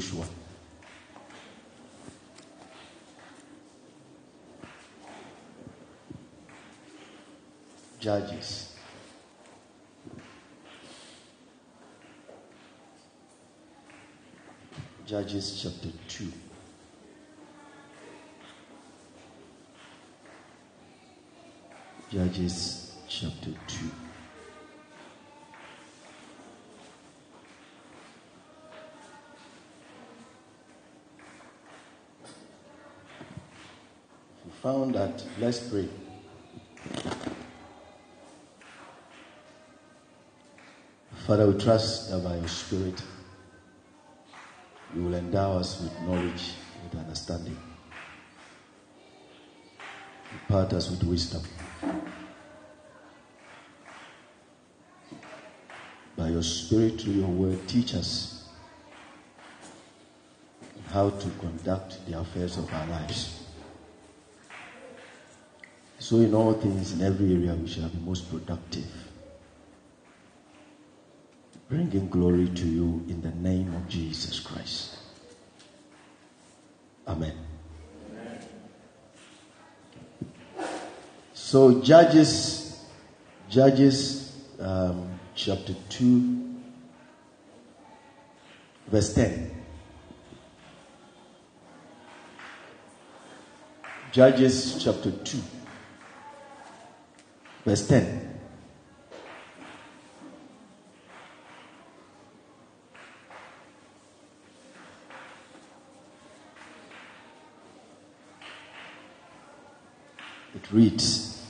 Joshua. Judges. Judges chapter 2. Judges chapter 2. found that. Let's pray. Father, we trust that by your Spirit you will endow us with knowledge, with understanding. Impart us with wisdom. By your Spirit, through your word, teach us how to conduct the affairs of our lives. So, in all things, in every area, we shall be most productive. Bringing glory to you in the name of Jesus Christ. Amen. Amen. So, Judges, Judges um, chapter 2, verse 10. Judges chapter 2. Verse 10. It reads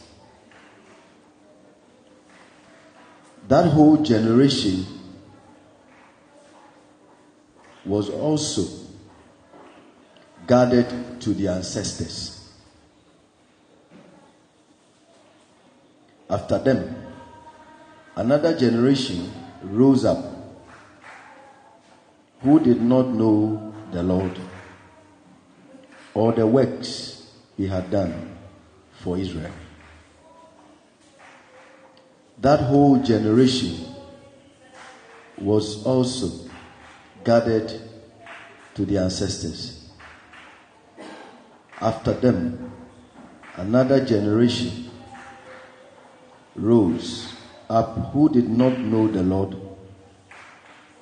That whole generation was also gathered to the ancestors. After them, another generation rose up who did not know the Lord or the works he had done for Israel. That whole generation was also gathered to the ancestors. After them, another generation rose up who did not know the Lord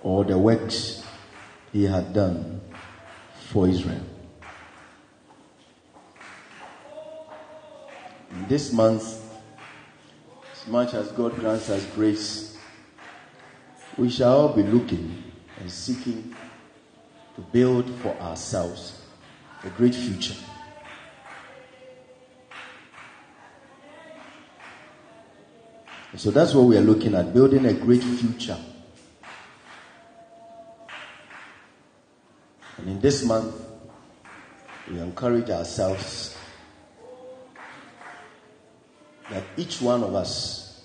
or the works he had done for Israel. This month, as much as God grants us grace, we shall all be looking and seeking to build for ourselves a great future. So that's what we are looking at building a great future. And in this month, we encourage ourselves that each one of us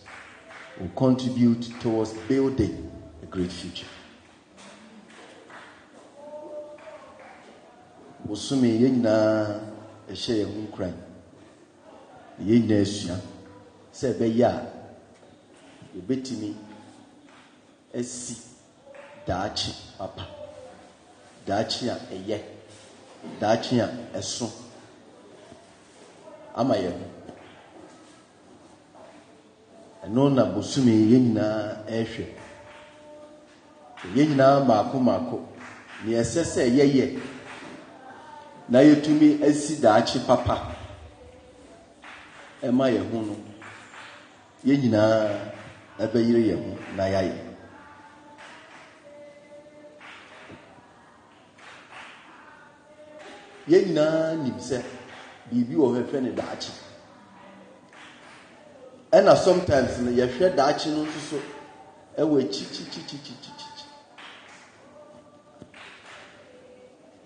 will contribute towards building a great future. bosome yɛn nyinaa ɛhyɛ yɛn ho nkuran yɛn nyinaa sɛ ɛbɛyɛ a yɛbɛtumi asi daakye papa daakye a ɛyɛ daakye a ɛso ama yɛn ho ɛno na bosome yɛn nyinaa ɛrehwɛ yɛn nyinaa mmaako mmaako nea ɛsɛ sɛ yɛyɛ na yɛtumi asi daakye papa ɛma yɛn ho no yɛn nyinaa. ɛbɛyere yɛn ho na yɛayɛ yɛn nyinaa nim sɛ biribi wɔ hɔ ɛfɛ ne daakye ɛna sometimes no yɛhwɛ daakye no nso so ɛwɔ akyikyikyikyikyikyi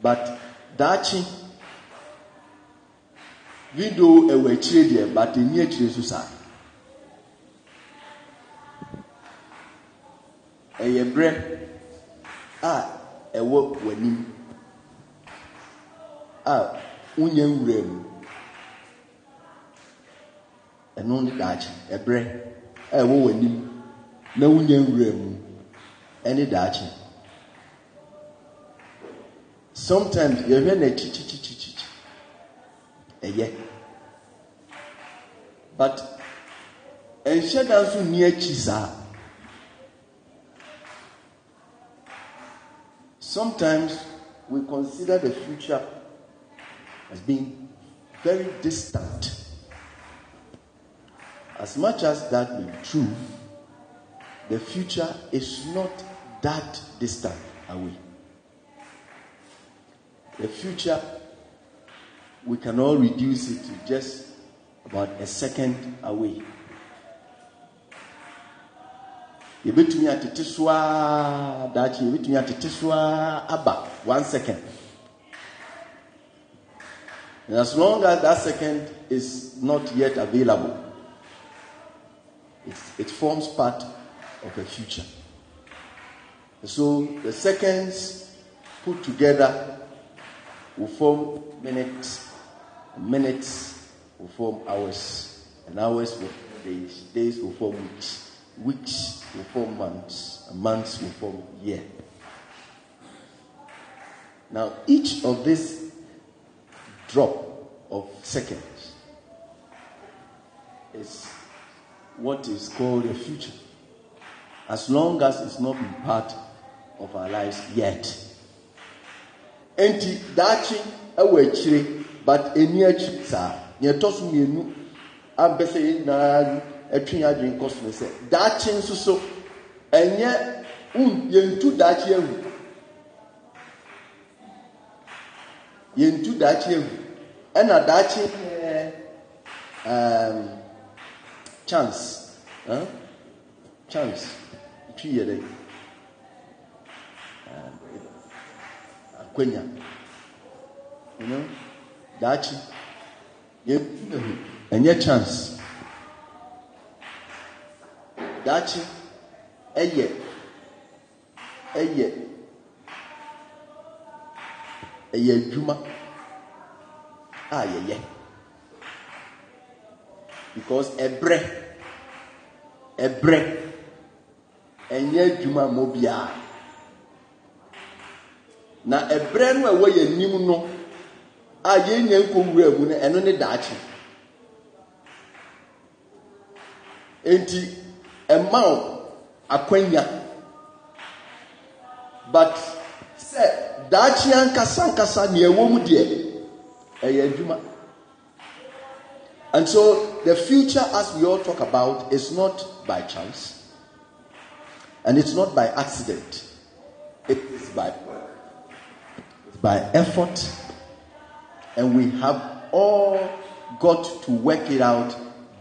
but daakye video ɛwɔ akyire deɛ but ɛni akyire nso saa ɛyɛ berɛ a ɛwɔ w'anim a wonya nwura mu ɛno ne daakye ɛberɛ a ɛwɔ w'anim na wonya nwura mu ɛne daakye sometimes yɛhwɛ n'akyi kyikyikyikyi ɛyɛ but ɛnhyɛ da nso nni akyi saa sometimes we consider the future as being very distant. As much as that may be true, the future is not that distant away. The future, we can all reduce it to just about a second away. yɛbɛtumi atete so a daakye atete so aba one second and as long as that second is not yet available it forms part of a future so the seconds put together will form minutes minutes will form hours and hours will days days will form weeks Weeks will form months, months will form year. Now, each of this drop of seconds is what is called a future. As long as it's not been part of our lives yet. Enti dachi ɛwɔ akyire but eni akyi saa nea ɛtɔ so mmienu na. atwi adwene kɔ so sɛ daakye nso so ɛnyɛ yɛntu daakye ahu yɛntu daakye ahu ɛna daakye yɛ chance huh? chance twi yɛ dɛ akwanya you know daakye yɛntu ahu ɛnyɛ chance. daakye ɛyɛ ɛyɛ ɛyɛ adwuma a yɛyɛ because ɛbrɛ ɛbrɛ ɛnyɛ adwuma mo biara na ɛbrɛ no a ɛwɔ yɛn anim no a yɛn nyɛ nkɔwura mu no ɛno ne daakye nti. ɛma wo akwanya but sɛ daakye ankasa ankasa nea ɛwɔ mu deɛ ɛyɛ adwuma and so the future as we all talk about is not by chance and it's not by accident it is by it's by effort and we have all got to work it out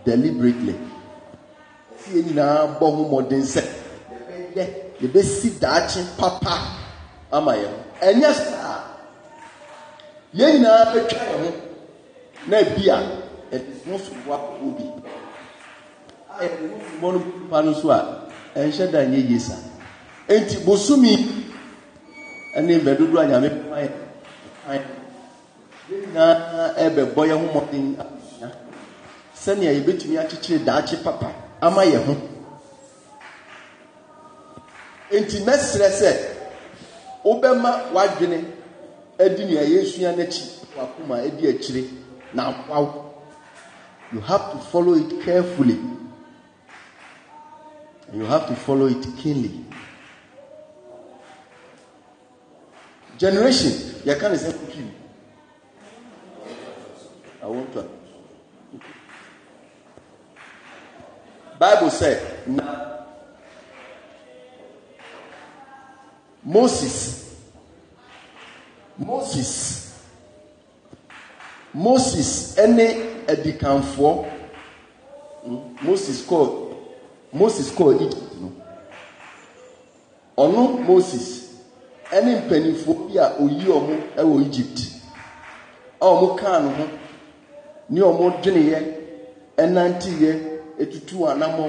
deliberately fie nyinaa bɔ ho mmɔden sɛ yɛbɛyɛ yɛbɛsi daakye papa ama yɛn ho ɛnyɛ saa yɛn nyinaa bɛtwa yɛn ho na ebi a ɛno so bo akɔkɔ bi ɛno bɔ no papa no so a ɛnhyɛ da nyɛ yie saa enti bosomi ɛne bɛdodo a nyame pɛma yɛn yɛn nyinaa ɛbɛbɔ yɛn ho mmɔden sɛnea yɛbɛtumi akyekyere daakye papa ama yɛ ho nti mɛsrɛ sɛ wobɛma w'adwene adi nea yɛsua n'akyi w'akoma adi akyire na waw you have to follow it carefully and you have to follow it keenly generation yɛka ne sɛ kukiu i want to Bible said, now, Moses, Moses, Moses, any edikanfoɔ, hmm? Moses kɔ, Moses kɔ Egypt no, ɔno Moses, ɛne mpanimfoɔ bi a oyi ɔmo ɛwɔ Egypt, a ɔmo kaa ne ho, ne ɔmo dweneɛ, ɛnanteɛ. etutu anamọ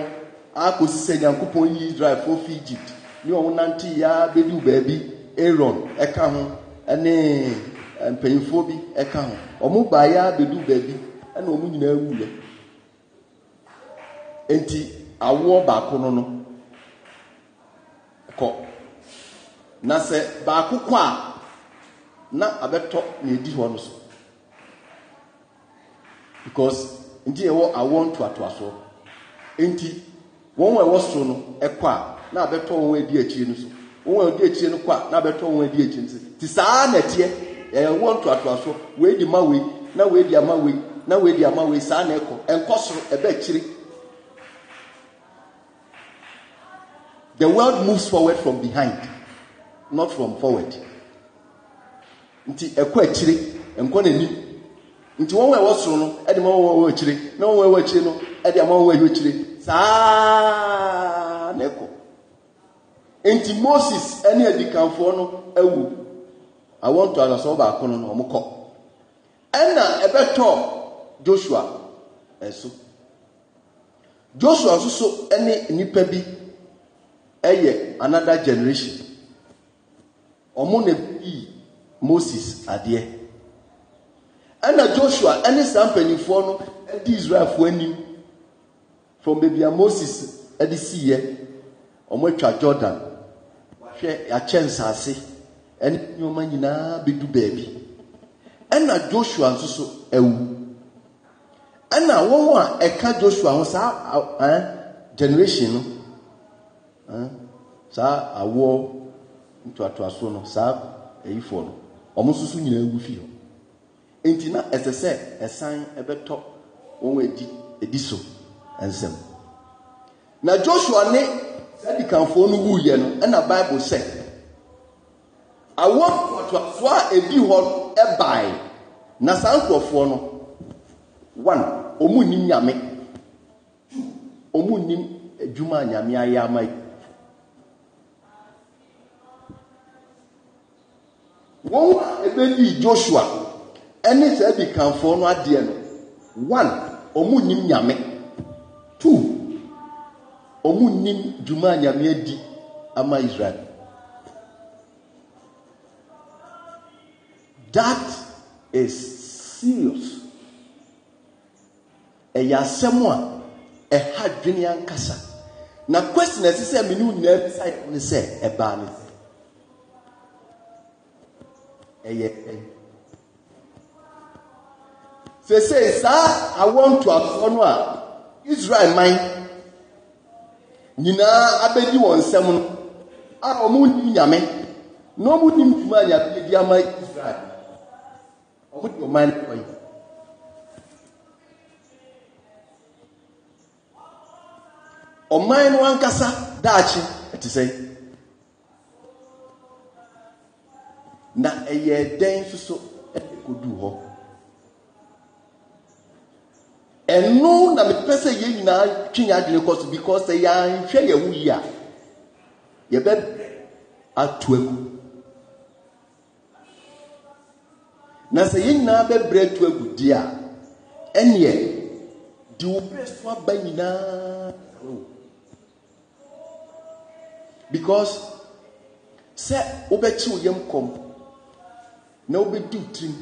akosisenya nkupọ onye israel fofi egypt ní ọ̀hún nante ya bẹ́dú bẹ́ẹ̀bi aaron ẹ̀ka ho ẹne eh, mpanyinfoɔ bi ɛka ho wɔn baa ya bɛdu baabi ɛna wɔn nyinaa wu yɛ nti awoɔ baako no kọ na sị baako kɔ a na abetọ na edi hɔ ọnụ so because nti ɛwɔ awoɔ ntoatoasoɔ. nti wɔn a ɛwɔ soro no ɛkɔ a na abɛtɔ wɔn adi akyire no so wɔn a adi akyire no kɔ a na abɛtɔ wɔn adi akyire no so ti saa na ɛteɛ ɛyɛ wɔn ntoatoasoɔ wɔn ma wei na wɔn ama wei na wɔn ama wei saa na ɛkɔ ɛnkɔ soro ɛbɛ akyire the world moves forward from behind not from forward nti ɛkɔ akyire ɛnkɔ n'anim nti wɔn a ɛwɔ soro no ɛde ma wɔn a akyire na wɔn a ɛwɔ akyire no ɛde ama wɔn a akyire. saa ne kɔ nti moses ne adikanfoɔ no awu awɔ ntoanasoɔ baako no na wɔkɔ ɛna ɛbɛtɔɔ joshua ɛso joshua nso so ne nnipa bi yɛ another generation wɔn na bi moses adeɛ ɛna joshua ne saa mpanimfoɔ no di israelfoɔ anim from baby a moses si yɛ wɔn atwa jordan wahwɛ yɛakyɛ nsaase ne nneɛma nyinaa bɛdu baabi ɛna joshua nso so ɛwu ɛna wɔn a ɛka joshua ho saa ɛn eh, generation no ɛn eh, saa awoɔ ntoatoasoɔ no saa ɛyifoɔ no wɔn nso so nyinaa awu fi hɔ nti na ɛsɛ sɛ ɛsan ɛbɛtɔ wɔn adi so. nsɛm na joshua ne saa dikanfoɔ no wuyɛ no ɛna bible sɛ awɔ nkɔtoafoɔ a ebi hɔ ɛbae na saa nkurɔfoɔ no one ɔmu nnim nyame ɔmu nnim adwuma a nyame ayɛ ama yi wɔn a ɛbɛdii joshua ɛne saa no adeɛ no one ɔmu nnim nyame wɔn nim dwuma a adi ama israel that is serious ɛyɛ asɛm a ɛha dwene ankasa na question ɛsɛ sɛ mene nyinaa bisa yɛ ne sɛ ɛbaa ne ɛyɛ ɛn sɛsɛ saa awɔ no a israel man nyinaa abɛdi wɔn nsɛm a ọmụ nyame na ɔmonim dwuma a nyame di ama israel ɔmode ɔman no kɔyi ɔman no ankasa daakye ɛte na ɛyɛ dɛn nso so hɔ ɛnu na mepɛ sɛ yɛn nyinaa twe yɛn adwene kɔ so because sɛ yɛanhwɛ yɛn ho yie a yɛbɛ ato agu na sɛ yɛn nyinaa bɛbrɛ ato agu di a ɛneɛ de wo brɛ so aba nyinaa because sɛ wobɛkye wo yam kɔm na wobɛdi tirim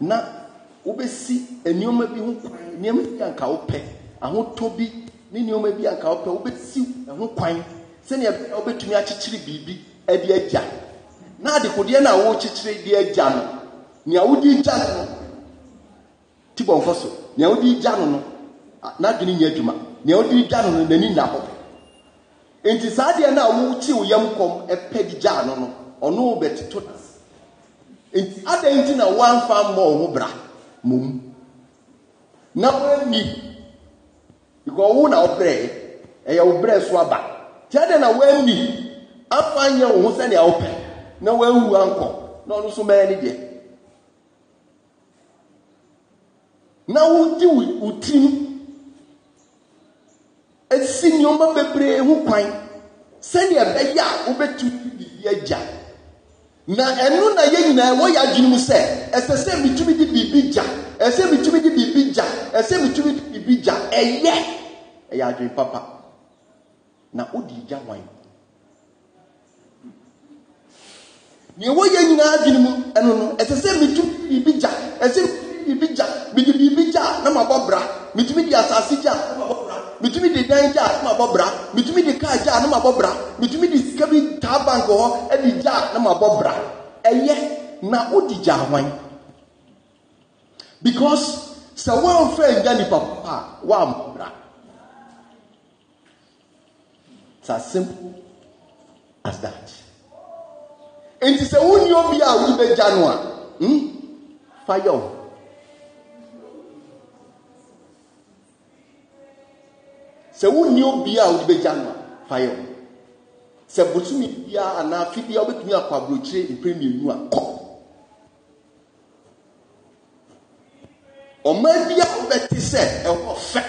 na wobɛsi eh, nneɛma bi ho kwan nneɛma bi anka wopɛ ahotɔ bi ne nneɛma bi anka wopɛ wobɛsi ho kwan sɛnea wobɛtumi akyekyere biribi de agya na adekodeɛ no a wɔrekyekyere de agya no nea wodi gya no no ti bɔ so nea wodi gya no no ah, n'adwene nyɛ adwuma nea wodi gya no no n'ani nna hɔ nti saa deɛ no a wɔrekye wo yam kɔm pɛ de gya no no ɔno bɛtoto nti adan nti na wɔamfa mmɔ wo ho bra mmom na woanni because wo na wobrɛɛ ɛyɛ wo brɛ aba tia na woanni afa nyɛ wo ho sɛnea na woawu ankɔ na ɔno so mɛɛ ne na wogye utim, tirim asi nneɔma bebree ho kwan sɛnea ɛbɛyɛ a wobɛtu biribi agya na ɛno na yɛn nyinaa wɔyɛ adwene mu sɛ ɛsɛ sɛ mitumi de biribi gya ɛsɛ mitumi de biribi gya ɛsɛ mitumi de biribi gya ɛyɛ ɛyɛ adwene papa na wodi gya wan nea wɔyɛ nyinaa adwene mu ɛno no ɛsɛ sɛ mitumi biribi gya ɛsɛ mitumi biribi gya mede biribi gya na mabɔ bra mitumi de asase gya na mabɔ bra mitumi de dan gya ne ma bɔ bra mitumi de kaa gya ne ma bɔ bra mitumi de sika bi taa bank hɔ ɛde gya ne ma bɔ bra ɛyɛ eh, na o di gya hwan because sɛ wɔn fɛ gya nipa pa wɔn bra it's as simple as that nti sɛ wɔn nyɛ obi a wɔn bɛ gya no a hmm fa yɛ o. sɛ wonni obi a wode bɛgya no a fa yɛ ho sɛ bosome biara anaa fi biara wobɛtumi akɔ aburokyire mpere mmienu a kɔ ɔman bi a wobɛte sɛ ɛhɔ fɛ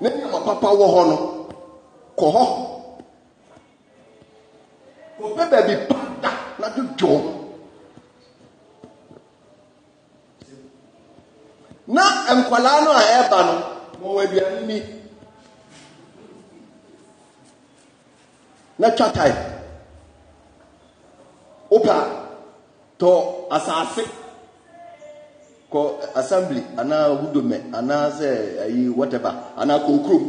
ne nneɛma papa wɔ hɔ no kɔ hɔ kɔpɛ baabi pa na dodwo ho na nkwalaa no a ɛreba no ma aduane ni na twa tae wopɛ a tɔ asase kɔ assembly anaa wudome anaa sɛ ayi whatever anaa kɔ okurom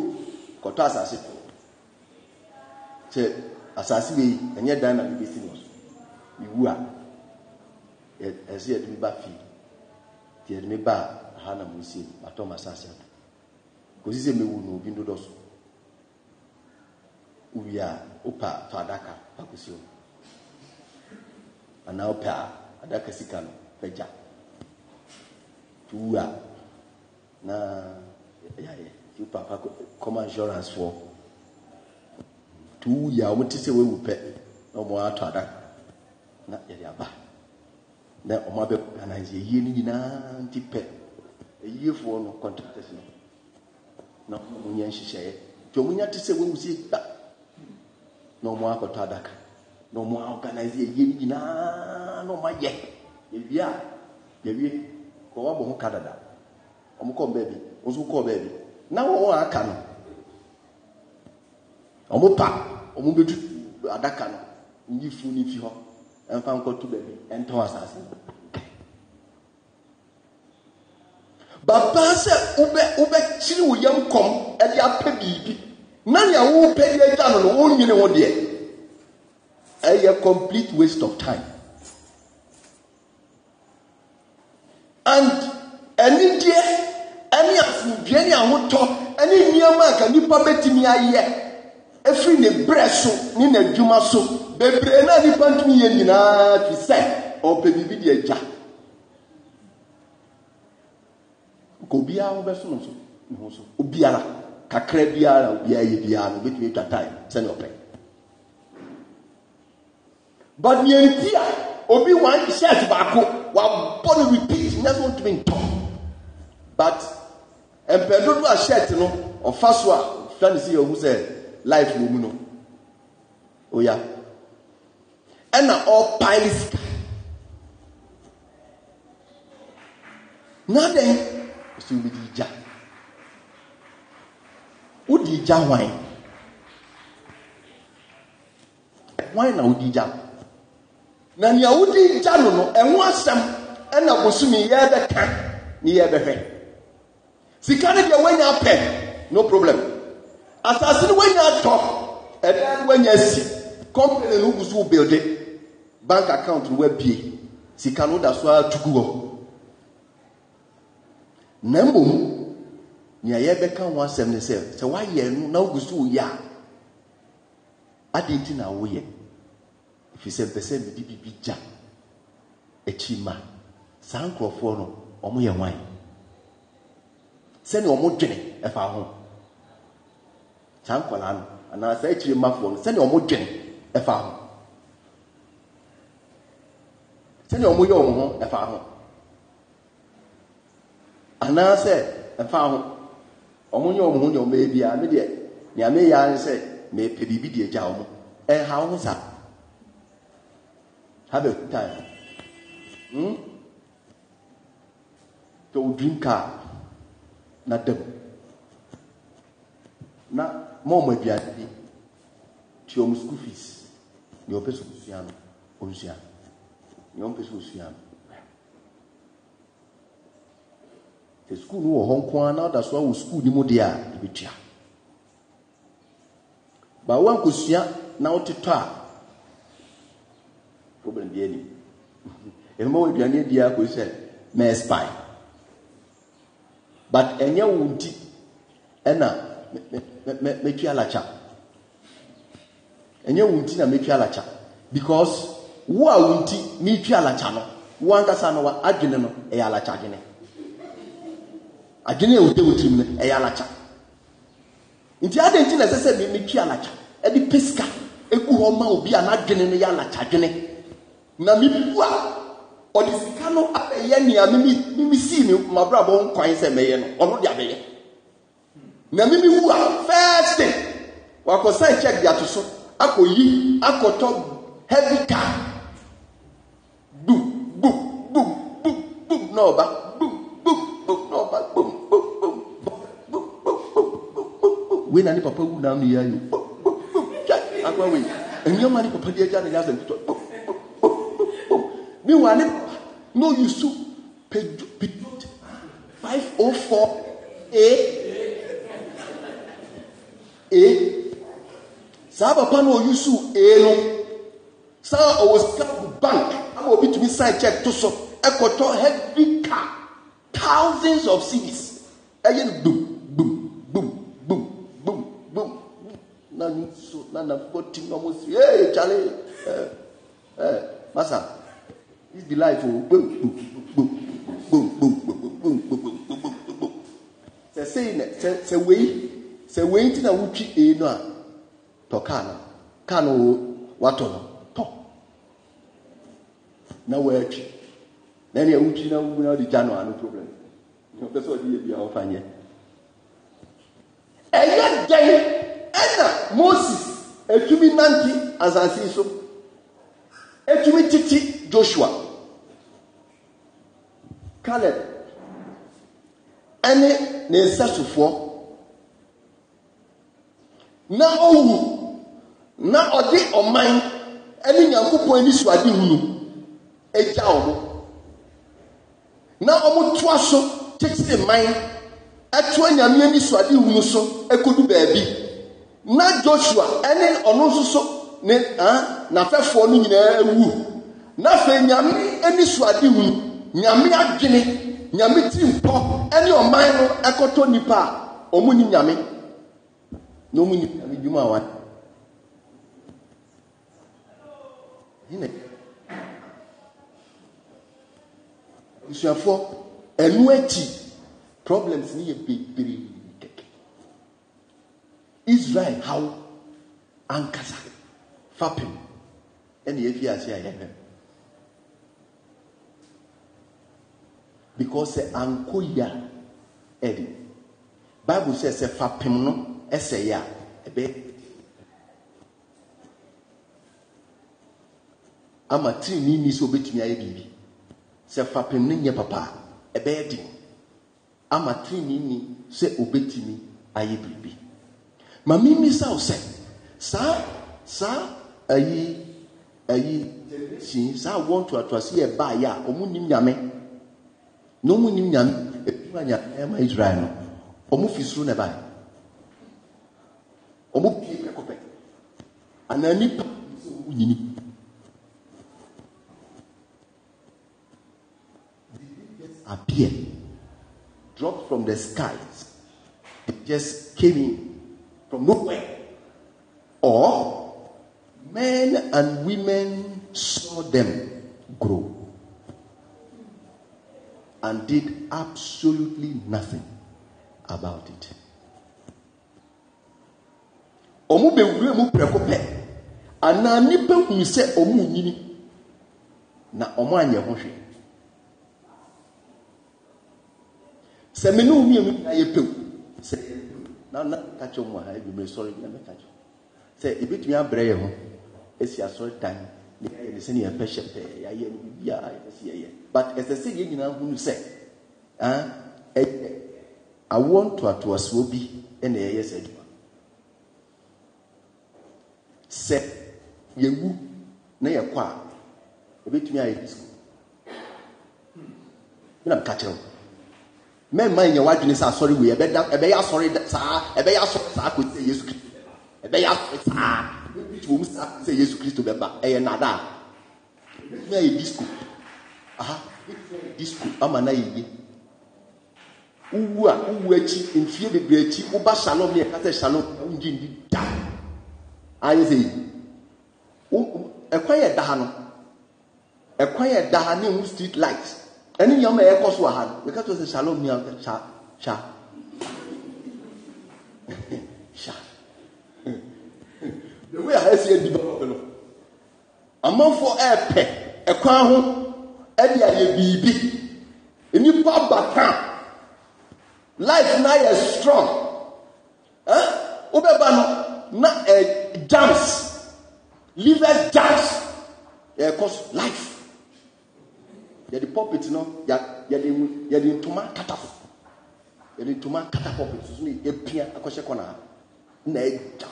kɔtɔ asase sɛ asase wei ɛnyɛ dan na bibɛsi no so mewu a ɛsɛ yɛde me ba fii nti yɛde ba a ha na mosie matɔ ma asase ato kɔsi sɛ mewu no obi ndodɔ so wowie a wopɛ a tɔ adaka pakosi hɔ anaa wopɛ a adaka sika no bɛgya nti wu a na yɛayɛ nti wopɛ apa kɔma insurance foɔ nti wowu yɛ a wɔte sɛ woawu pɛ na wɔn atɔ adaka na yɛde aba na wɔn abɛ organize yɛyie no nyinaa nti pɛ ayiefoɔ no contractors no na wɔn nyɛ nhyehyɛeɛ nti wɔn nyɛ te sɛ wɔawu sie da na ɔmo akɔtɔ adaka na ɔmo aorganize yie ne nyinaa na ɔmo ayɛ ewia yɛwie kɔ wabɔ ho ka dada ɔmo kɔ baabi ɔmo kɔ baabi na wɔn a aka no ɔmo pa ɔmo bɛtu adaka no nyi fu ne fi hɔ ɛnfa nkɔtu baabi ɛntɔn asase baba sɛ wobɛ wobɛkyiri wo yam kɔm ɛde apɛ biribi na nea wopɛ de agya no no wonyini wo deɛ ɛyɛ complete waste of time and anigyeɛ ɛne afudie ne ahotɔ ɛne nneɛma a ka nnipa bɛtumi ayɛ ɛfiri ne berɛ so ne n'adwuma so bebree na nnipa ntumi yɛ nyinaa fi sɛ ɔpɛ biribi de agya nka obiara wobɛso no so ne ho so obiara kakra biara obiara yɛ biara no obetumi atwa time sɛnea ɔpɛ but nea ti a obi wan shirt baako wabɔ no repeat nyɛsɛ ntumi ntɔ but mpɛdodo a shirt no ɔfa so a fira ne si yɛ ohun sɛ life wɔ mu no oya ɛna ɔpae ne sika na dɛ ɔsɛ omi di gya wodi gya hwan hwan na wodi gya na nea wodi gya no no ɛho asɛm ɛna bosomi yɛbɛka ne yɛbɛhwɛ sika no deɛ woanya pɛ no problem asase no woanya tɔ ɛdan no woanya si company no wogu so wo bank account no woabie sika no woda so atugu hɔ na mmom nea yɛbɛka ho asɛm ne sɛ sɛ woayɛ no na wogu so woyɛ a adɛn nti na woyɛ ɛfiri sɛ mpɛ sɛ mede biribi gya akyi ma saa nkurɔfoɔ no ɔmoyɛ hwan sɛnea ɔmo dwene ɛfa ho saa nkwaraa no anaa saa akyire mafoɔ no sɛnea ɔmo dwene ɛfa ho sɛnea ɔmo yɛ ɔmo ho ɛfa ho anaa sɛ ɛfa ho ɔmo nyɛ ɔmo ho nyɛ ɔmo ebi a mi deɛ nea mi yɛ ara sɛ mɛ pɛ biribi deɛ gya ɔmo ɛha e ɔmo sa ha bɛ kuta yɛ hmm tɛ o dream car na dɛm na ma ɔmo aduane bi te ɔmo school fees nea ɔpɛ so osua no onsua nea ɔmo pɛ so osua no. sukuu no wɔ hɔ nko ara na ɔda so awɔ sukuu no mu deɛ a ɛbɛtua baawa nkosua na wotetɔ a problem bi anim ɛmɛ wɔ aduane adi akɔ sɛ mɛɛ spine but ɛnyɛ wo nti ɛna mɛtwi alakya ɛnyɛ wo nti na mɛtwi alakya because wo a wo nti metwi alakya no wo ankasa no wa adwene no ɛyɛ alakya adwene adwene a ɛwɔ m no ɛyɛ nti adị na ɛsɛ sɛ metwi alakya pesika egu ọma obi a na mebu a ɔde sika na mimi a first day wakɔ so yi akɔtɔ heavy car bu bu bu na wei na ne papa wu nam ne yɛ oh, oh, oh, ayɛ akwa wei nneɛma ne papa de agya ne yasa nkutɔ meanwhile ne no you su pedu pedu five oh four a a saa papa no oyu su a no saa ɔwɔ sika bank ama obi tumi sign check to so ɛkɔtɔ heavy car thousands of cedis ɛyɛ no dum. na nusu na nafoti na mo si ee jale ẹ ẹ masa this be life o gbom gbom gbom gbom gbom gbom gbom gbom gbom gbom gbom gbom sẹ sẹyìn nẹ sẹ sẹ wei sẹ wei ti na wotwi ee no a tọ kaa no kaa no watọ no tọ na wɔatwi na ɛne awotwi na wogu na wode gya no no problem ɔpɛ sɛ ɔde yɛ bia ɔfa nyɛ ɛyɛ dɛn ɛna moses atumi nante asase yi so atumi titi joshua caleb ɛne ne nsɛsofoɔ na ɔwu na ɔde ɔman ɛne nyankopɔn ani suade hunu agya ɔmo na ɔmo toa so tete man ɛtoa nyame ani suade hunu so ɛkɔdu baabi na joshua ɛne ɔno nso so ne n'afɛfoɔ no nyinaa awu na afei nyame ani so ade hu nyame adwene nyame ti mpɔ ɛne ɔman no ɛkɔtɔ nnipa a ɔmo ni nyame na ɔmo ni nyame dwuma wa yine nsuafoɔ ɛnu akyi problems ne yɛ bebree israel haw ankasa fapem ɛna yɛfi ase a yɛhwɛ because sɛ anko yi ɛdi bible sɛ sɛ fapem no ɛsɛ yɛ a ɛbɛyɛ ama tirinwi ni sɛ obetumi ayɛ biribi sɛ fapem no nyɛ papa ɛbɛyɛ den ama tirinwi ni sɛ obetumi ayɛ biribi ma memmisa wo sɛ saa saa ayi ayi si saa wɔn ato yɛ e baayɛ a wɔn ni nyame na wɔn nim nyame ebi e e ma nyame ɛma israel no wɔn fi soro na baayɛ wɔn pie pɛkɔpɛ anaa nipa wɔn nyini. appear dropped from the skies it just came in from nowhere. Or men and women saw them grow and did absolutely nothing about it. Ọmụ bewuru emu preko pɛ anaa nipa hunu sɛ ɔmụ nyini na ɔmụ anyɛ ho hwee. Sɛ mmenu mmienu nyinaa yɛ pew sɛ na na kakyɛ mu aha edwuma esɔre na bɛ kakyɛ sɛ ebitumi abrɛ yɛn ho esi asɔre dan ne yɛ ne sɛ ne yɛ pɛ hyɛ pɛɛ yɛayɛ no bi a yɛsɛ sɛ yɛyɛ but ɛsɛ sɛ yɛn nyinaa hunu sɛ ɛn ɛyɛ awoɔ ntoatoasoɔ bi ɛna yɛyɛ sɛ adwuma sɛ yɛwu na yɛkɔ a ebitumi ayɛ disco ɛna mu kakyɛ mu. mmɛmma yi nyɛ wadwene sɛ asɔre wei ɛbɛda ɛbɛyɛ asɔre saa ɛbɛyɛ asɔre saa kò sɛ yesu kristo ɛbɛyɛ asɔre saa ebi tu omu saa kò sɛ yesu kristo bɛba ɛyɛ nada ebi ayɛ disco aha disko, ama na yie uwu a uwu akyi mfie bebree akyi woba shalom ne ɛka sɛ shalom wogye ndi da ayɛ sɛ yi ɛkwan yɛ da ha no ɛkwan yɛ da ha ne ho street light. ɛne nneɛma a ɛkɔ so wɔ ha no yɛka to sɛ shalom nia sha sha sha the way a ha esi edi bɛrɛ no amanfoɔ ɛɛpɛ ɛkwan ho ɛde ayɛ biribi nipa bata life na yɛ strong ɛn wobɛba no na ɛ jams liver jams yɛ life yɛde pulpit no yɛde yɛde ntoma kata fo yɛde ntoma kata pulpit so ne epia akɔhyɛ kɔna ha na ɛgya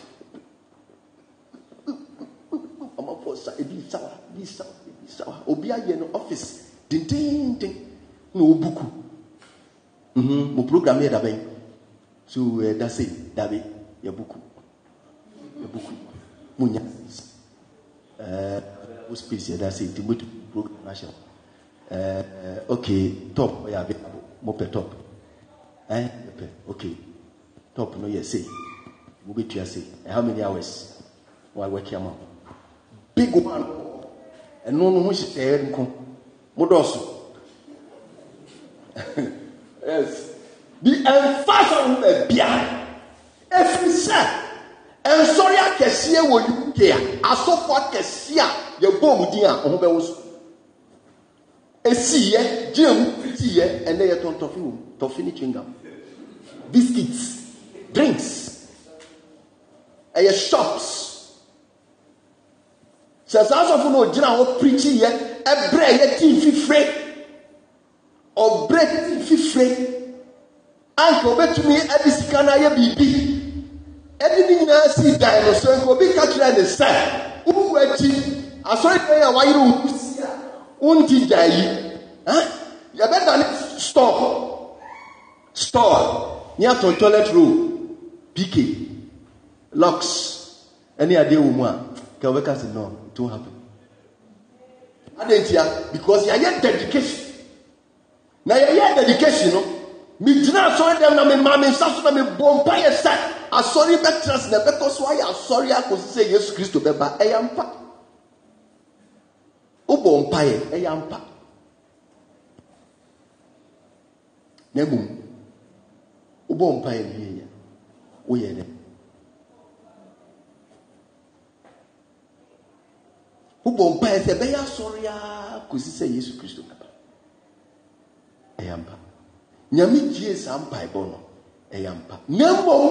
ɔmafoɔ sa ebi sawa ebi sawa ebi sawa obi ayɛ no ɔfis dendenden na obuku mhm mo program yɛ dabɛn so ɛda eh, se dabe yɛ buku yɛ buku mo nya ɛɛ eh, o space yɛ da ti mo ti program ahyɛ hɔ ɛɛ eh, ok top ɔyɛ abe abo mo pɛ top ɛn eh, mo pɛ ok top no yɛ se mo bɛ tua se ɛ how many hours mo awɛ kia ma big one ɛnu eh, no ho hyehyɛ nko mo dɔɔso yes bi ɛnfa sɔrɔ mo bɛ bia efiri sɛ ɛnsɔre ah, akɛseɛ ah. wɔ uk a asɔfo akɛseɛ ah, a yɛ bɔ ɔmo din a ɔmo bɛ wɔ esiiɛ gyem fitiiɛ ɛnɛ yɛ tɔn tɔfi wom tɔfi ne chewing gum biscuits drinks ɛyɛ e shops sɛ saa asɔfo no ogyina hɔ pirikyi yɛ ɛbrɛ yɛ tin fifire ɔbrɛ tin fifire anka obetumi ɛde sika no ayɛ biribi ɛde ne nyinaa si dan no so nka obi ka kyerɛ ne sɛ wowu akyi asɔre dan a wayere wo wonti gyae yɛbɛdane store store ne atɔn toilet roll pk locks ɛne adeɛ wɔ mu a ka wɔbɛka sɛ no it won't happen adɛn ntia because yɛayɛ dedication na yɛyɛ dedication no megyina asɔre dɛm na memaa me nsa so na mebɔ mpa yɛ sɛ asɔre bɛtena se na ɛbɛkɔ so ayɛ asɔre akɔsi sɛ yesu kristo bɛba ɛyɛ mpa wobɔ mpaeɛ ɛyɛ ampa na mmom wobɔ mpaeɛ no yɛyɛ woyɛ dɛ wobɔ mpaeɛ sɛ ɛbɛyɛ asɔre a kɔsi sɛ yesu kristo bɛba ɛyɛ ampa nyame gyee saa mpaebɔ no ɛyɛ ampa na mmom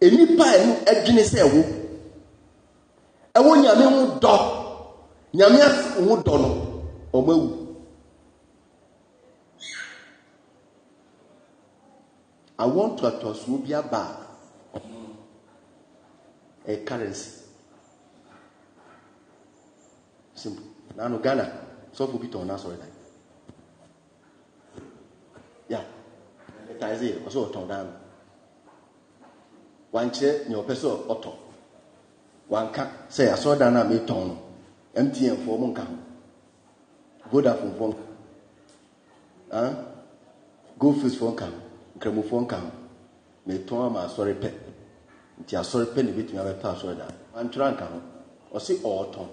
nnipa a ɛno adwene sɛ ɛwo ɛwɔ nyame ho dɔ nyame wo dɔ no ɔmawu awoɔ ntoatoasoɔ bi aba a ɛyɛ currency simple naano ghana sɔfo bi tɔn n'asɔre dan ya ɛtan se yɛ ɔsɛ ɔtɔn dan no wankyerɛ nea ɔpɛ sɛ ɔtɔ wanka sɛ asɔre dan mtn foɔ mo nka ho vodafone foɔ nka ho goldfish foɔ nka ho nkramofoɔ nka ho metɔn ama asɔre pɛ nti asɔre pɛ na ebetumi abɛtɔ asɔre da antwerɛ nka ho ɔsi ɔɔtɔn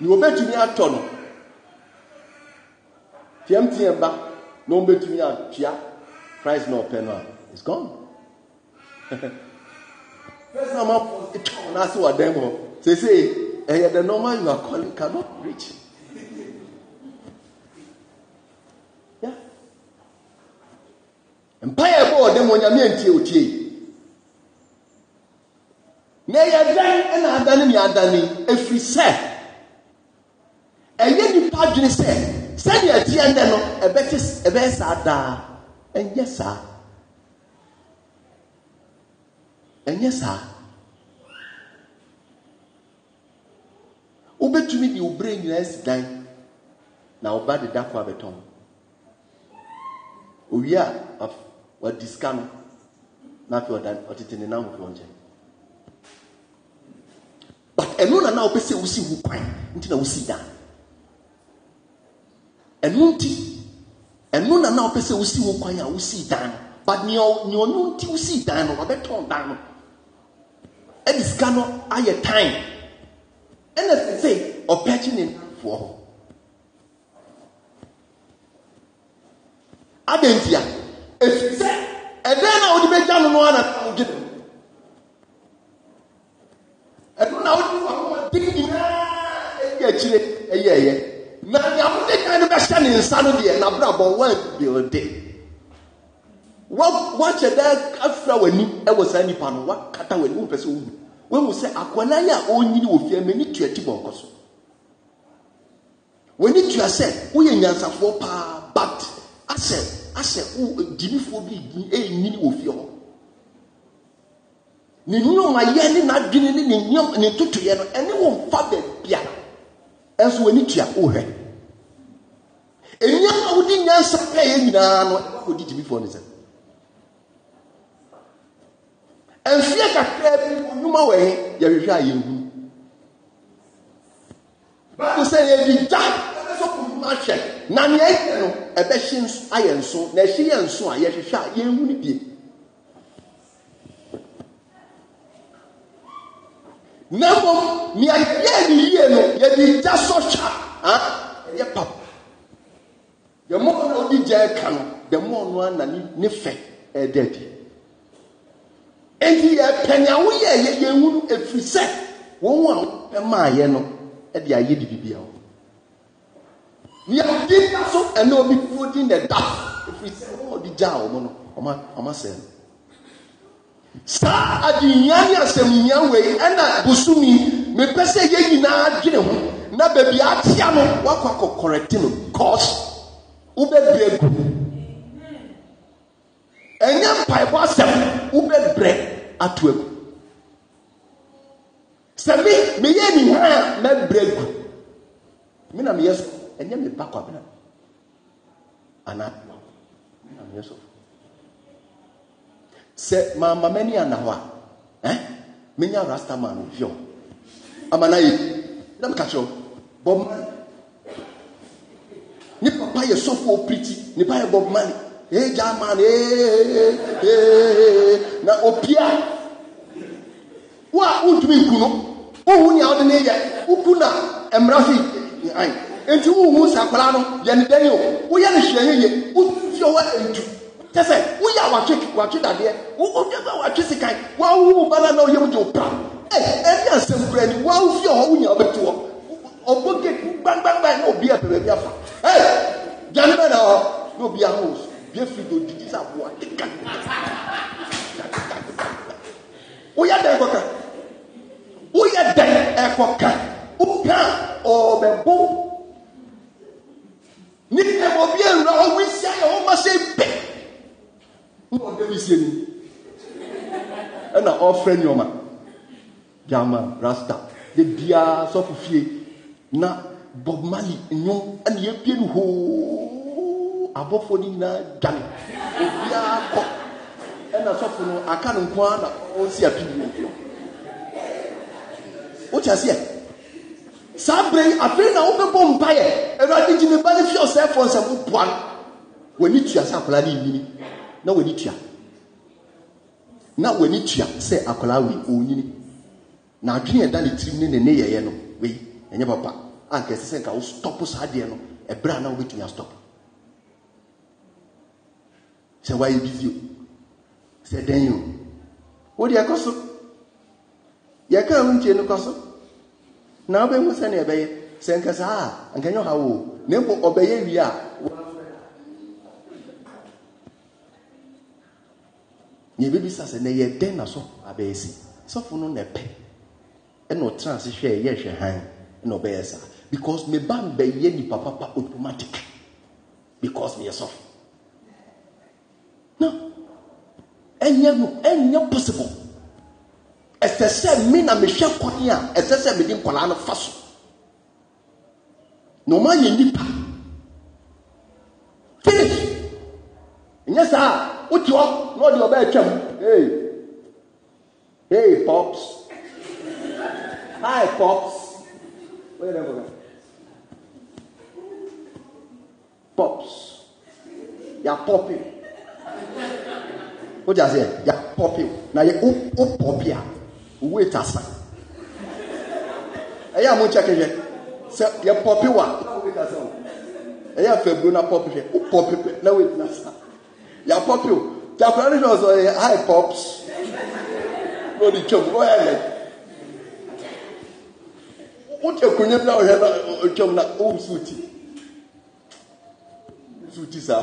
na obetumi atɔ no tmtn ba na obetumi atua price na ɔpɛ no a it's gone first time afɔ etwa ɔnaase wɔ dan mu hɔ sese uh, the normal you are calling cannot reach. Yeah. Empire board them on your tea. na ɛyɛ dɛn na adane ne adane ɛfiri sɛ ɛyɛ nipa adwene sɛ sɛdeɛ ɛteɛ ndɛ no ɛbɛte ɛbɛyɛ saa daa ɛnyɛ saa ɛnyɛ saa. wobɛtumi de wo bere nyinaa asi dan na woba de da kɔ abɛtɔn owie a wadi sika no na afei ɔda ɔtete ne nam foforɔ nkyɛn but ɛno na na wopɛ sɛ wosi ho kwan nti na wosi dan ɛno nti ɛno na na wopɛ sɛ wosi ho kwan a wosi dan no but nea ɔno nti wosi dan no ɔbɛtɔn dan no ɛde sika no ayɛ time ɛna sesei ɔpɛkye ne nnamfoɔ hɔ adantia ɛfiri sɛ na wode bɛgya no no ana wogye no ɛno na wode wahoɔdene nyinaa ɛdi akyire ɛyɛ ɛyɛ na nea wode kan no bɛhyɛ ne nsa no deɛ nabrabɔ woabilde woakyɛ dɛ afira w'ani ɛwɔ saa nnipa no woakata w'ani wompɛ sɛ wohu wɔn mu sɛ akwadaa yi a ɔnyini wɔ fie mɛ ni tua ti bɔnkɔ so wɔn ni tua sɛ woyɛ nyansafoɔ paa but asɛ asɛ wo dibifoɔ bi ɛnyini wɔ fie hɔ ne nnwumayɛ ne n'adwene ne ne nyam ne totoyɛ no ɛne wɔn fa bɛɛbia ɛnso wɔn ni tua ɔhwɛ enyam a wɔde nyansa pɛɛ nyinaa no ɛkɔ di dibifoɔ ne sɛ. mfeɛ kakra bi nnwuma wɔ yi yɛhwehwɛ a yɛhu baabu sɛ yɛdigya ɛbɛsɛ kò nnwuma hwɛ na nea ɛyɛ no ɛbɛhye ayɛ nso na ɛhye yɛ nso a yɛhwehwɛ a yɛhu no bie na mmom nea yɛyɛ ne yie no yɛdigya sɔ twa a ɛyɛ papa yɛ mɔɔ na ɔdi gya ɛka no dɛ mɔɔ no ana ne fɛ ɛɛdɛ adi. enti yɛpɛnea woyɛ yɛ yɛnhu no ɛfiri sɛ a ɛmaa yɛ no ya ayɛ de bibia ho yɛde da so ɛna obi fuo di na da ɛfiri sɛ wɔn a ɔde gya wɔn no ɔma ɔma sɛn saa adenya ne asɛmnya wei ɛna bosomi mepɛ sɛ yɛ nyinaa dwene na baabi atia no wakɔ akɔ kɔrɛte no cause ɛnyɛ mpaebɔ asɛm wobɛbrɛ ato agu sɛ me meyɛ niha a mɛbrɛ agu me na meyɛ so ɛnyɛ meba kwabena anaa me na meyɛ so sɛ maama m'ani ana hɔ a eh? menya rastaman ofiɔ ama no ayɛ na meka kyerɛ bɔb mane ne papa yɛ sɔfoɔ piriti ne ba yɛ bɔb mane ee german na opia wo a wontumi nku no wohu nea wode ne yɛ woku na mmara fi an nti wohu no yɛ ne eh, o woyɛ ne hwɛ yɛyɛ woyɛ wɔ ntu kyɛ sɛ woyɛ a watwe watwe dadeɛ wodwa bɛ watwe sikan wawo wo ba na na woyɛ mu de wo pra ɛne asɛm kura ni wawo fie hɔ wonya wobɛto hɔ ɔbɔ gate gbangbangban na obi a pɛ baabi afa dwane bɛ na hɔ na obi a yesu dodidi sa boa eka woyɛ dɛn kɔka woyɛ dɛn ɛkɔka woka ɔbɛbo ne ɛmɔ bi awura ɔwo nsia yɛ wɔma sɛ bɛ na ɔdɛ mi sie ni ɛna ɔfrɛ nneɔma gyama rasta de biara sɔfo fie na bob mali nnwom ɛna yɛpie no hoo abɔfoɔ no nyinaa dwane obiara kɔ ɛna sɔfo no aka no nko ara na ɔsi apidie wote aseɛ saa bere yi afei na wobɛbɔ mpaeɛ awurade gyi me ba no fi ɔsɛefoɔ nsɛm woboa no w'ani tua sɛ akwadaa no nnini na w'ani tua na w'ani tua sɛ akwadaa wei ɔnyini na adwene ɛda ne tirim ne ne ne yɛyɛ no wei ɛnyɛ papa anka ɛsɛ sɛ nka wo saa deɛ no ɛberɛ a na wobɛtumi astɔpo sɛ wayɛ bibi o sɛ dɛn o wode ɛkɔ so yɛka wo ntie no kɔ so na wobɛhu sɛne ɛbɛyɛ sɛ nka saa a nkanyɛ ɔha wo na mpo ɔbɛyɛ wie a yɛbɛbisa sɛ na yɛ dɛn na sɔfo abɛyɛ si sɔfo no na ɛpɛ ɛna ɔtena ase hwɛ han ɛna ɔbɛyɛ saa because meba mbɛyɛ nipa papa automatic because meyɛ sɔfo no ɛnyɛ no ɛnyɛ possible ɛsɛ sɛ mi na mehwɛ kwan a ɛsɛ sɛ mede nkwadaa no fa so na ɔmo ayɛ nipa finish nyɛ saa wote hɔ na ɔde ɔbɛ atwam hey hey pops hi pops pops ya pɔpi wọ́n ti ase yẹ yà pọ́pì o na yẹ ó pọ́pì a owó ètò asa ẹ̀yẹ́ àmú kyẹ́ kẹ́yẹ sẹ yẹ pọ́pì wa ẹ̀yẹ́ àfẹ́ gbó na pọ́pì yẹ ó pọ́pì pẹ́ náà wọ́n ètò asa yà pọ́pì o jàpẹ́rẹ́ ní sọ̀rọ̀ sọ̀rọ̀ yẹ high pops ló di twẹ́mu ó yẹ lẹ ó tẹ kúnyẹ́ bí náà ó yẹ náà ó twẹ́mu náà ó sùn ti sùn sáà.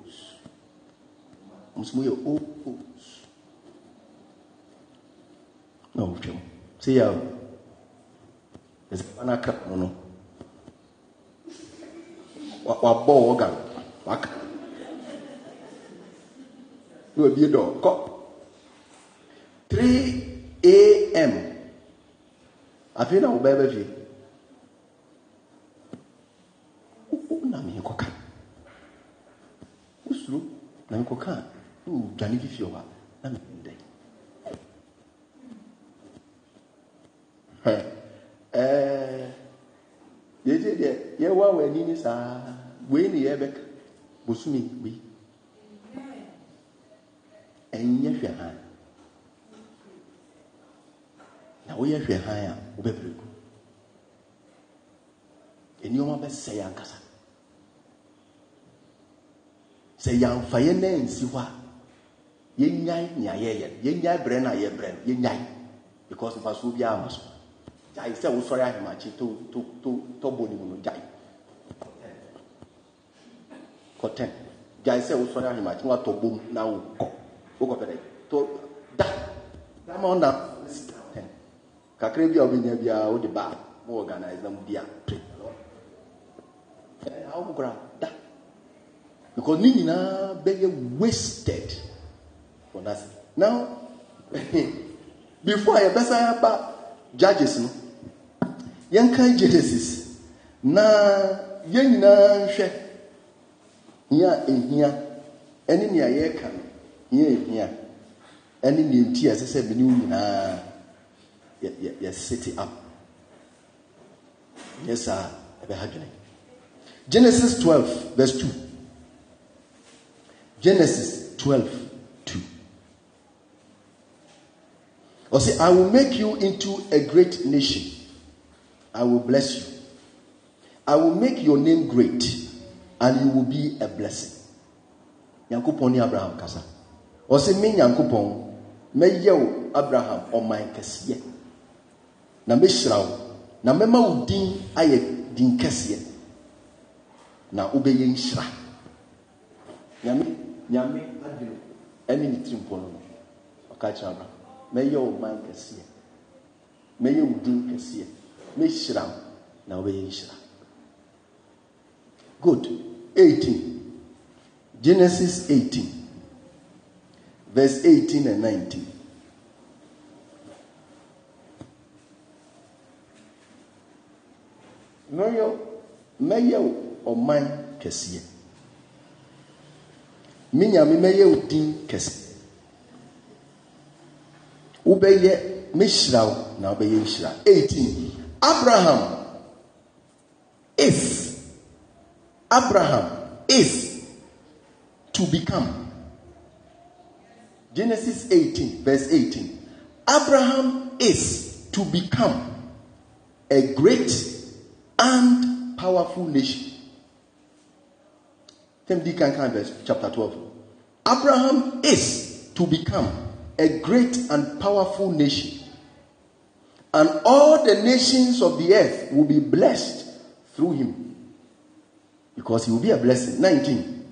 musumu yɛ oo na ɔtwam sɛ yɛ awo ɛsɛba no aka no no wabɔ wɔ ga waka na wabie dɔɔ kɔ 3 am afei na wobɛɛ bɛ fie na meyɛkɔka wosuro na mekɔka a wodwane fifie hɔ a na medendɛn yɛgye deɛ yɛwɔ awɔ ani ne saa wei ne yɛbɛka bosome wei ɛnyɛ hwɛ han na woyɛ hwɛ han a wobɛbrɛ gu nneɛma bɛsɛe ankasa sɛ yɛamfa yɛ na hɔ a yɛnyae nea yɛyɛ yɛnyae brɛ no a yɛbrɛ no yɛnyae because mfasoɔ oh, biara oh, ma so gyae sɛ wosɔre ahemakye tɔbɔ ne mu no gyae kɔtɛn gyae sɛ wosɔre ahemakye na watɔ bom na wokɔ wokɔpɛ dɛ da dama ɔna kakra bi a wobɛnya biara wode baa na organise na a pre eh, awokora da because ne nyinaa bɛyɛ wasted for that. Now, before I best I have judges no, yɛn kan Genesis na yɛn na she, here in here, nea yɛreka no nea ehia ɛne nea nti a ɛsɛ sɛ bi ne wo nyinaa yɛ yɛ yɛ sete up nyɛ saa Genesis twelve verse two Genesis twelve. Or say, I will make you into a great nation. I will bless you. I will make your name great and you will be a blessing. Nyankopɔn ni Abraham kasa. Ɔsɛ mi Nyankopɔn mɛyɛ wo Abraham ɔman kɛseɛ. Na mɛhyira wo. Na mɛma wo din ayɛ din kɛseɛ. Na wobɛyɛ nhyira. Nyame Nyame adwene ɛne ne tirim pɔ no no. Ɔka kyerɛ Abraham. mɛyɛ wo man kɛseɛ mɛyɛ wo din kɛseɛ mɛhyira wo na wobɛyɛ nhyira good 18 genesis 18 verse 18 and 19 mɛyɛ mɛyɛ wo ɔman kɛseɛ me nyame mɛyɛ wo din kɛseɛ wobɛyɛ mehyira wo na wobɛyɛ mishra. 18 abraham if abraham is to become genesis 18 verse 18 abraham is to become a great and powerful nation Tim D. chapter 12. Abraham is to become a great and powerful nation. And all the nations of the earth will be blessed through him. Because he will be a blessing. 19.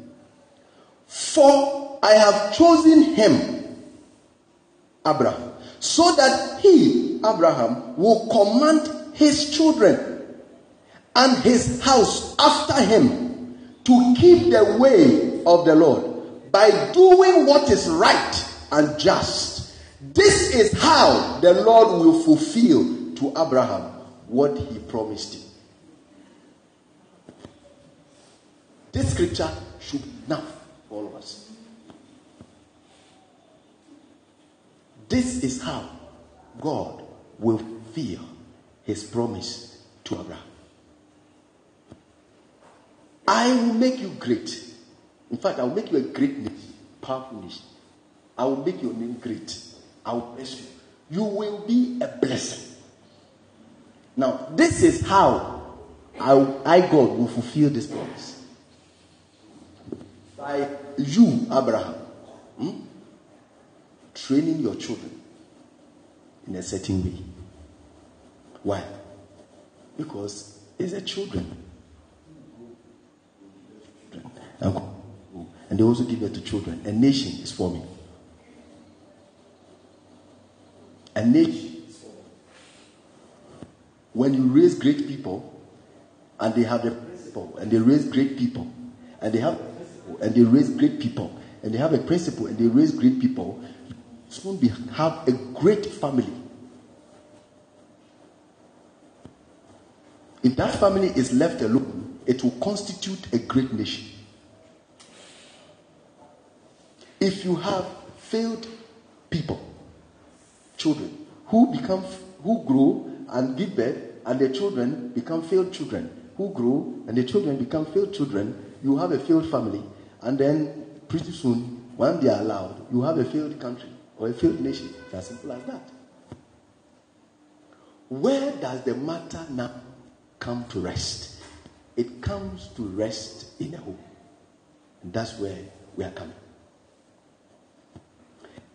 For I have chosen him, Abraham, so that he, Abraham, will command his children and his house after him to keep the way of the Lord by doing what is right and just. This is how the Lord will fulfill to Abraham what he promised him. This scripture should be enough for all of us. This is how God will fulfill his promise to Abraham. I will make you great. In fact, I will make you a great nation, powerful nation. I will make your name great. I will bless you. You will be a blessing. Now, this is how I, I God, will fulfill this promise. By you, Abraham, hmm? training your children in a certain way. Why? Because it's the children. And they also give birth to children. A nation is forming. and nature. When you raise great people, and they have a principle, and they raise great people, and they have and they raise great people, and they have a principle, and they raise great people, soon be, have a great family. If that family is left alone, it will constitute a great nation. If you have failed people, children who become who grow and give birth, and their children become failed children who grow and their children become failed children. You have a failed family, and then pretty soon, when they are allowed, you have a failed country or a failed nation. It's as simple as that. Where does the matter now come to rest? It comes to rest in a home. And that's where we are coming.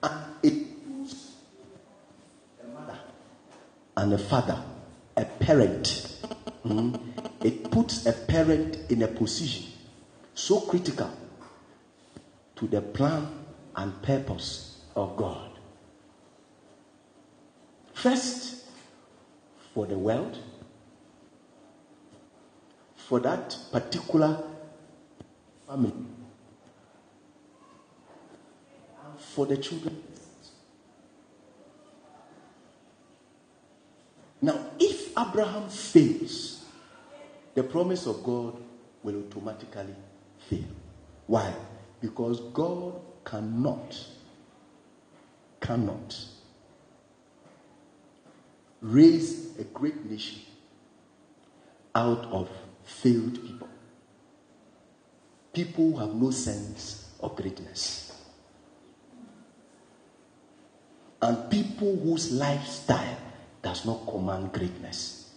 And it and a father, a parent. Mm, it puts a parent in a position so critical to the plan and purpose of God. First, for the world, for that particular family, and for the children. Now, if Abraham fails, the promise of God will automatically fail. Why? Because God cannot, cannot raise a great nation out of failed people. People who have no sense of greatness. And people whose lifestyle does not command greatness.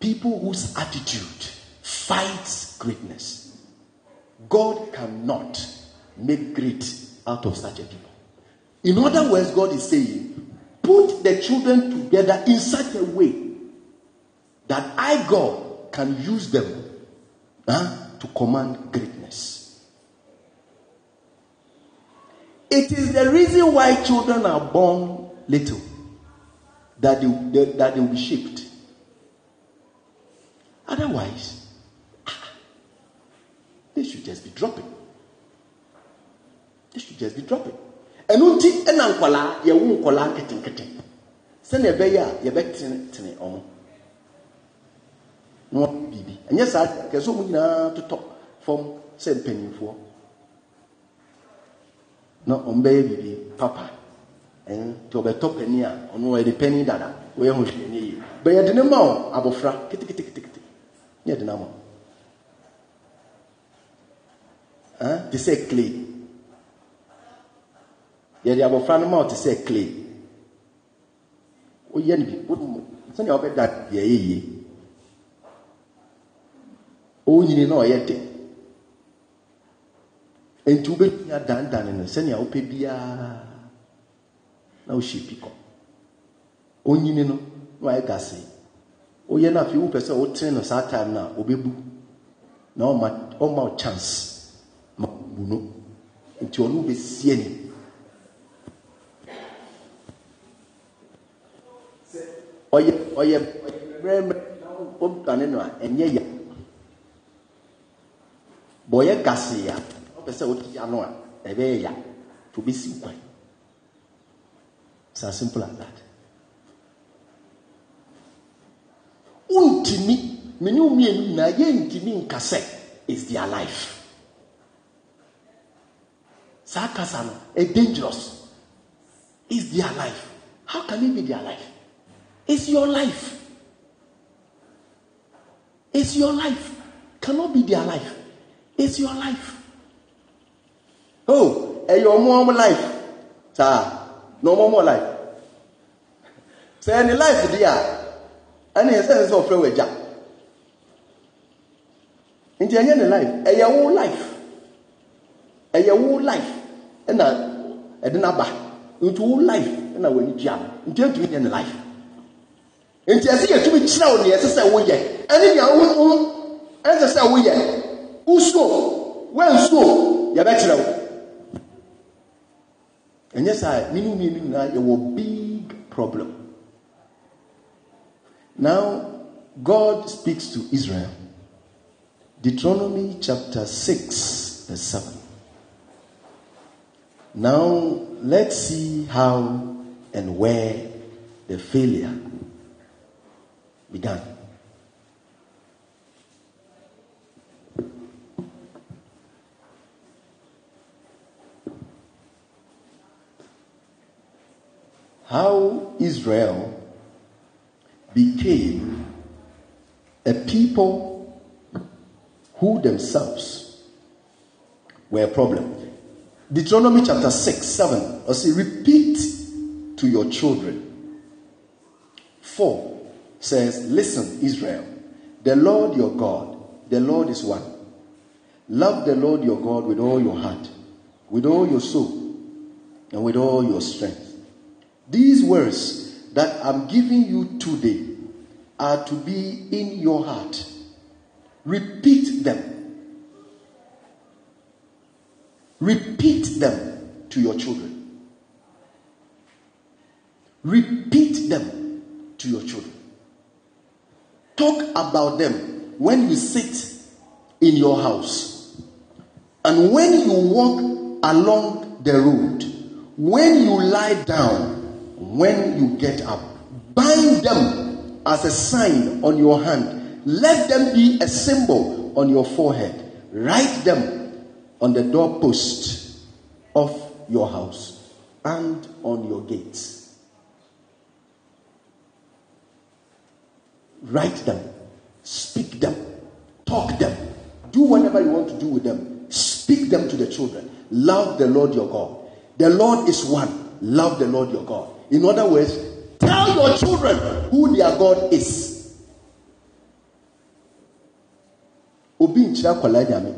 People whose attitude fights greatness. God cannot make great out of such a people. In other words, God is saying, put the children together in such a way that I, God, can use them huh, to command greatness. It is the reason why children are born little that they, they, that they will be shaped. Otherwise, ah, they should just be dropping. They should just be dropping. ɛnu nti ɛna nkɔlaa yɛwu nkɔlaa nketenkete sɛnea ɛbɛyɛ a yɛbɛtenetene ɔmo na wɔn biribi ɛnyɛ saa kɛse ɔmo nyinaa totɔ fam sɛ mpanyinfoɔ na ɔmo bɛyɛ biribi papa ɛn nti ɔbɛtɔ panin a ɔno yɛde panin dada ɔyɛ ho hwɛ ne yie bɛyɛ de ne ma o abɔfra keteketekete ne yɛde na ma ɛn te sɛ clay yɛde abɔfra no ma o te sɛ clay ɔyɛ ne bi ɔdun sɛnea ɔbɛda deɛ ɛyɛ yie ɔnyini na ɔyɛ den nti wobɛtumi adandane no sɛnea wopɛ biara o o ɔnyini no na o wayɛ gasee woyɛ no afei wopɛ sɛ wotene no saa time o a ɔbɛbu na ɔma wo chance ma bu no nti ɔno wobɛsie ni ɔyɛ ɔyɛ mmerɛmmerɛ ɔdane no a ɛnyɛ yɛ bɔ ɔyɛ gasee a wopɛ sɛ wote ya no a ɛbɛyɛ ya nti wobɛsi kwan It's as simple as that. Untimi, many umienu na ye ntimi nkase is their life. Sakasano, a e dangerous is their life. How can it be their life? It's your life. It's your life. Cannot be their life. It's your life. Oh, a e your mom life. Sir no more more life sɛ ɛne life deɛ a ɛne yɛ sɛ ɛsɛ sɛ ɔfrɛ wɔ agya nti ɛnyɛ ne life ɛyɛ wo life ɛyɛ wo life ɛna ɛde n'aba nti wo life ɛna w'ani gye ano nti ɛntumi nyɛ ne life nti ɛsɛ yɛ tumi kyerɛ wo nea ɛsɛ sɛ woyɛ ɛne nea wo ho ɛnsɛ sɛ woyɛ wosuo wɛnsuo yɛbɛkyerɛ wo And ɛnyɛ saa mean, ne It was a big problem now god speaks to israel deuteronomy chapter 6 verse 7 now let's see how and where the failure began how Israel became a people who themselves were a problem. Deuteronomy chapter 6, 7. I say, repeat to your children. 4 says, Listen, Israel, the Lord your God, the Lord is one. Love the Lord your God with all your heart, with all your soul, and with all your strength. These words that I'm giving you today are to be in your heart. Repeat them. Repeat them to your children. Repeat them to your children. Talk about them when you sit in your house and when you walk along the road, when you lie down when you get up. Bind them as a sign on your hand. Let them be a symbol on your forehead. Write them on the doorpost of your house and on your gates. Write them, speak them, talk them, do whatever you want to do with them. Speak them to the children. Love the Lord your God. The Lord is one. Love the Lord your God. In other words, tell your children who their God is. obi nkyerɛ akwadaa nyame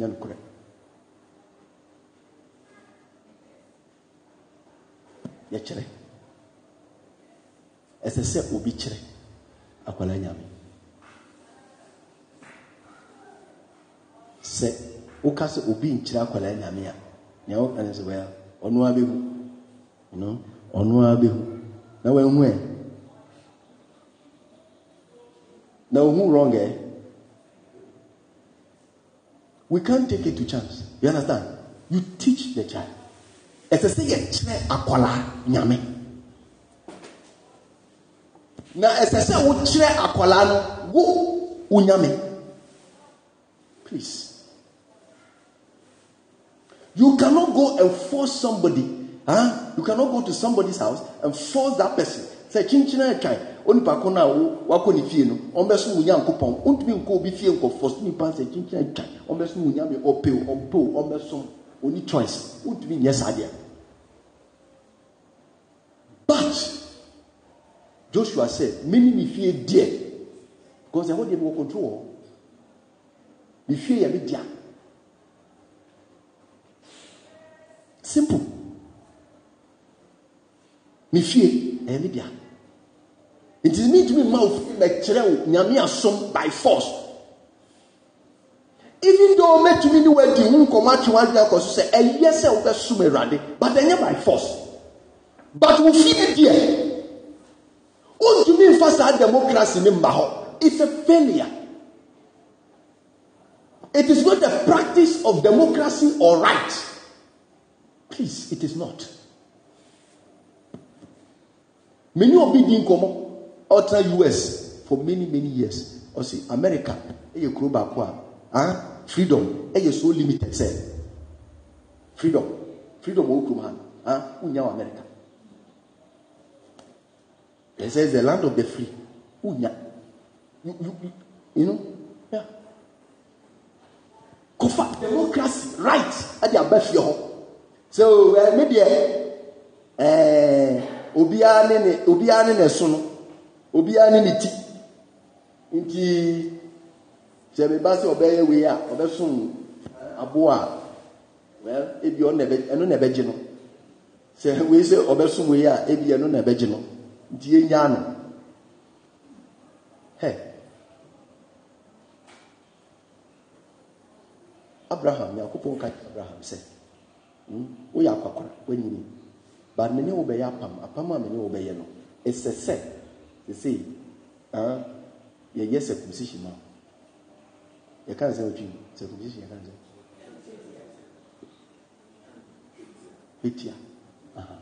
nyɛ nokorɛ yɛkyerɛ ɛsɛ sɛ obi kyerɛ akwadaa nyame sɛ woka sɛ obi nkyerɛ akwadaa nyame a nea woka no sɛ wɔyɛ ɔno abɛhu no ɔno ara bɛhu na wɔahu ɛ na ohu wrong ɛ eh? we can't take it to chance you understand you teach the child ɛsɛ sɛ yɛkyerɛ akwaraa nyame na ɛsɛ sɛ wokyerɛ akwaraa no wo wo nyame please you cannot go and force somebody Huh? You cannot go to somebody's house and force that person. Say, chinchina kai. Onipa ko na wo wako ni fie no. Ɔmbɛso wo nya nkopɔn. Ontumi nko obi fie nko force nipa say chinchina kai. Ɔmbɛso wo nya me ɔpe o ɔmpo o ɔmbɛso. Oni choice. Ontumi nyɛ saa But Joshua said, "Mini me fie deɛ." Because ɛhɔ deɛ mi wɔ control wɔ. Me fie yɛ mi dia. Simple me fie ɛyɛ me dea nti me ntumi mma wo fie bɛkyerɛ wo nyame asom by force even though mɛtumi ne wadi ho nkɔmɔ atwe wadwe akɔ so sɛ ɛyɛ sɛ wobɛsom awurade but ɛnyɛ by force but wo fie deɛ wontumi mfa saa democracy ne mma hɔ it's a failure it is not a practice of democracy or right please it is not mene obi di nkɔmmɔ ɔtena us for many many years ɔsi america ɛyɛ kuro baako a freedom ɛyɛ so limited sɛ freedom freedom wɔ kurom ha wonya wɔ america they say the land of the free wonya you, you, you, you know yeah. kofa democracy right ɛde aba fie hɔ so ɛɛ uh, deɛ ɛɛ. obiara ne ne obiara ne ne so no obiara ne ne ti nti sɛ beba sɛ ɔbɛyɛ wei a ɔbɛsom aboa a well ebi ɔno na ɛbɛ ɛno no sɛ wei sɛ ɔbɛsom wei a ebi ɛno na ɛbɛgye no nti yɛnya no hɛ abraham yakubɔ nka abraham sɛ hmm, woyɛ akwakora wanyini. but me ne wo bɛyɛ apam apam a me ne wo bɛyɛ no ɛsɛ sɛ sese ɛn yɛyɛ circumcision ma yɛka nsɛm otwi circumcision yɛka nsɛm etia aha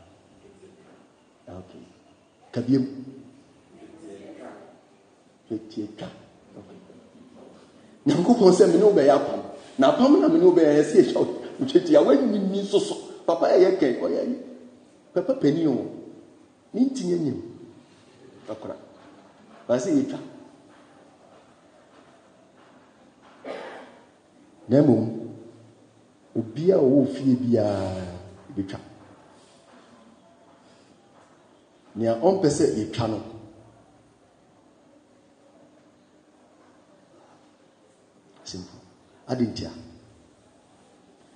ah, okay kabiem etia twa okay nyankopɔn sɛ me ne wo bɛyɛ apam na apam na me ne wo bɛyɛ ɛsɛ etwa otwa tia wɔn nyinyi soso papa yɛ yɛ kɛ ɔyɛ yi pɛpɛ panin o oh, ne ntin anim ɔkora baa sɛ yɛtwa na mmom obiaa ɔwɔ fie biara bɛtwa nea ɔmpɛ sɛ yɛtwa no simple adi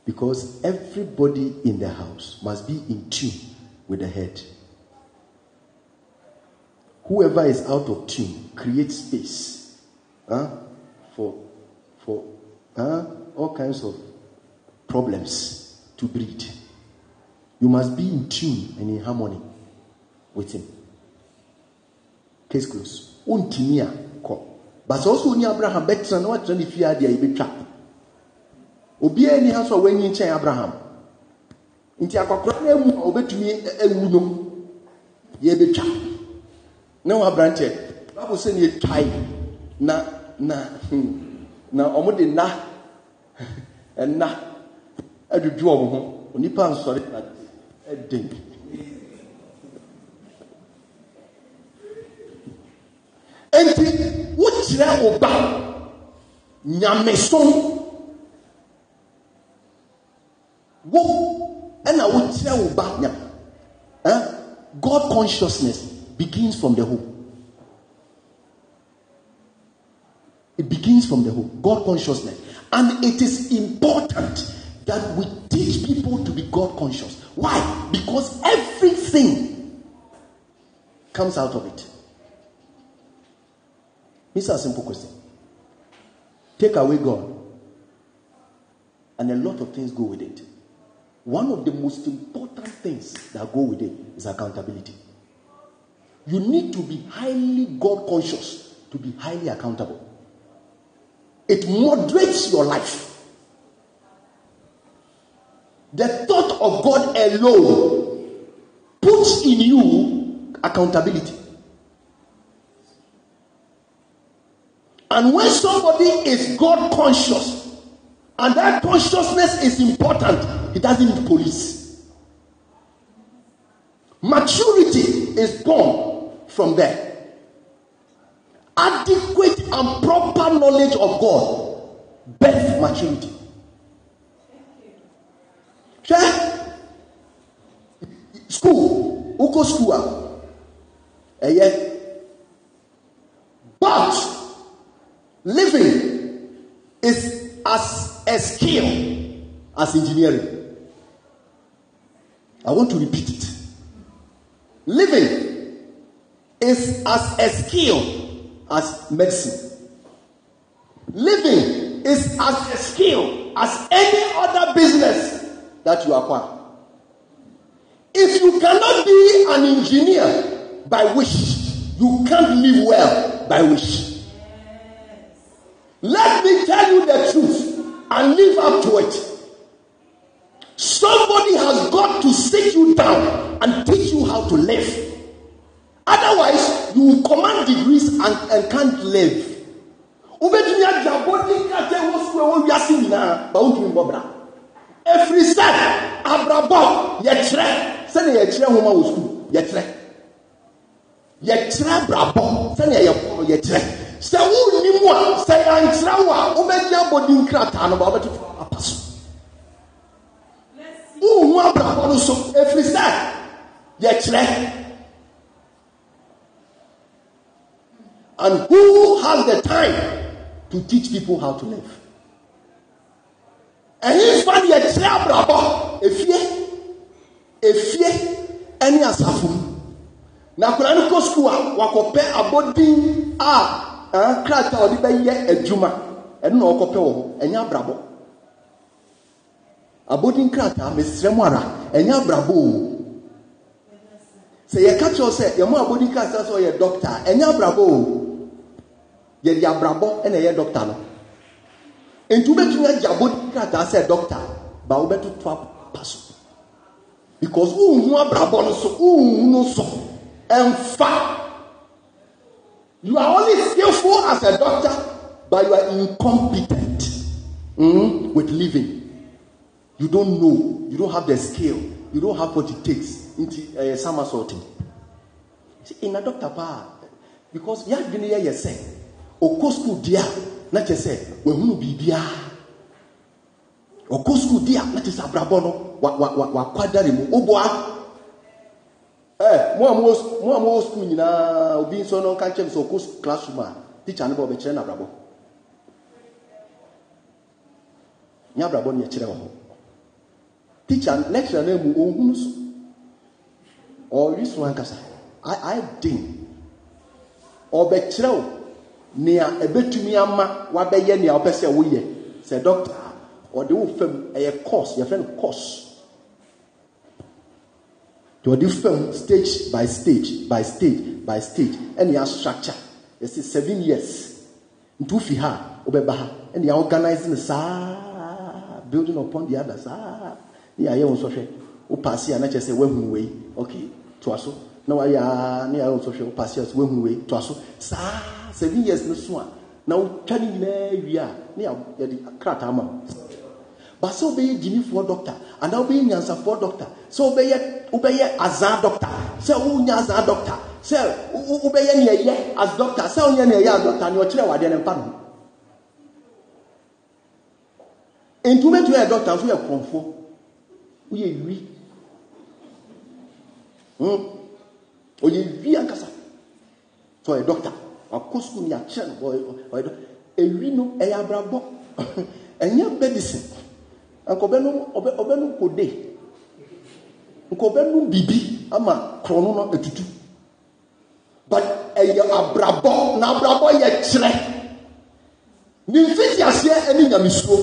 because everybody in the house must be in tune with the head. Whoever is out of tune, create space huh, for, for huh, all kinds of problems to breed. You must be in tune and in harmony with Him. Case closed. Untimi a kɔ. But also ni Abraham bɛtena na watena ne fie adeɛ a yɛbɛtwa. ni ha swa a wɔanyi Abraham. nti akɔkora no amu a obɛtumi awu no yɛbɛtwa ne ho aberanteɛ bible sɛ ne yɛtwae na na hmm. na ɔmode nna ɛna adwudwu ɔmo ho onipa nsɔre na ɛden enti wokyerɛ wo ba nyamesom wo And I will tell you back now. God consciousness begins from the home. It begins from the home. God consciousness. And it is important that we teach people to be God conscious. Why? Because everything comes out of it. This is a simple question. Take away God, and a lot of things go with it one of the most important things that go with it is accountability. You need to be highly God conscious to be highly accountable. It moderates your life. The thought of God alone puts in you accountability. And when somebody is God conscious, and that consciousness is important. It doesn't need police. Maturity is born from there. Adequate and proper knowledge of God birth maturity. Hwɛ school wokɔ school a ah. but living is as a skill as engineering. I want to repeat it. Living is as a skill as medicine. Living is as a skill as any other business that you acquire. If you cannot be an engineer by wish, you can't live well by wish. Let me tell you the truth. and live up to it. Somebody has got to sit you down and teach you how to live. Otherwise, you will command degrees and, and can't live. Wobɛtumi agya bɔdi kata ɛwɔ sukuu ɛwɔ wiase nyinaa ba wotumi bɔ bra. Efiri sɛ abrabɔ yɛkyerɛ sɛnea yɛkyerɛ nwoma wɔ sukuu yɛkyerɛ. Yɛkyerɛ abrabɔ sɛnea yɛkɔ yɛkyerɛ. sɛ wonni mu a sɛ ankyerɛ wo a nkrataa no ba wobɛto apa so abrabɔ no so ɛfiri sɛ yɛkyerɛ and who has the time to teach people how to live ɛhe mfa ne yɛkyerɛ abrabɔ efie efie ɛne asafo mu na akwadaa no kɔ sukuu a wakɔpɛ abɔden a krataa a ɔde bɛyɛ adwuma ɛno na ɔkɔpɛ wɔ hɔ ɛnyɛ abrabɔ abodin krataa mesrɛ mu ara ɛnyɛ abrabɔ o sɛ yɛka kyerɛ sɛ yɛn mu abodin krataa sɛ ɔyɛ dɔkta ɛnyɛ abrabɔ o yɛde abrabɔ ɛna ɛyɛ dɔkta no ntu bɛtumi agye abodin krataa sɛ dɔkta ba wobɛtoto apa so because wohu abrabɔ no so wohu no so ɛmfa. You are only skillful as a doctor, but you are incompetent mm, with living. You don't know. You don't have the skill. You don't have what it takes. Into uh, eh, somersaulting. See, in a doctor part, because you have been here yourself. Oko school dia, na we sɛ wahunu dia. Oko school dia, na kyerɛ sɛ wa wa wa wa wakwadare mu. Oboa. Eh, mụ amụwo skul nyi na obi nso n'ọka nche okwu klasrum a ticha ndị na abrabọ nya abrabọ nye chere ọhụ ticha lekchara na egbu ohun nso ọrụ nkasa aịdin ọbɛkyerɛ wo nea ɛbɛtumi ama wabɛyɛ nea wopɛ sɛ woyɛ sɛ dɔkta ɔde wo deɛ ɔde different stage by stage by stage by stage ɛna yɛ structure yɛsi seven years ntu fi ha ɔbɛba ha ɛna yɛ organize ne saa building upon the other saa ne yɛ ayɛ wɔn sɔhwɛ wopaase a na kyerɛ sɛ woahunu wei okay toa so na wayɛ a ne yɛ ayɛ wɔn sɔhwɛ wopaase a so woahunu wei toa so saa seven years ne so a na wotwa ne nyinaa wie a ne yɛ yɛde krataa ma but sɛ wobɛyɛ gyimifoɔ doctor anaa wobɛyɛ nyansafoɔ doctor sɛ wobɛyɛ wobɛyɛ azaa doctor sɛ wonya azaa doctor sɛ wobɛyɛ neɛ yɛ as doctor sɛ wonyɛ neɛ yɛ as doctor neɛ ɔkyerɛ wadeɛ ne mpa no nti yɛ doctor nso yɛ korɔmfoɔ woyɛ wi hmm ɔyɛ wi ankasa sɛ ɔyɛ doctor wakɔ sukuu ne akyerɛ no ɔyɛ ɔyɛ doctor no ɛyɛ abrabɔ ɛnyɛ medicine anka ɔbɛnom kode nka ɔbɛnom biribi ama korɔno no atutu but ɛyɛ abrabɔ na abrabɔ yɛ kyerɛ ne mfitiaseɛ ne nyamesuo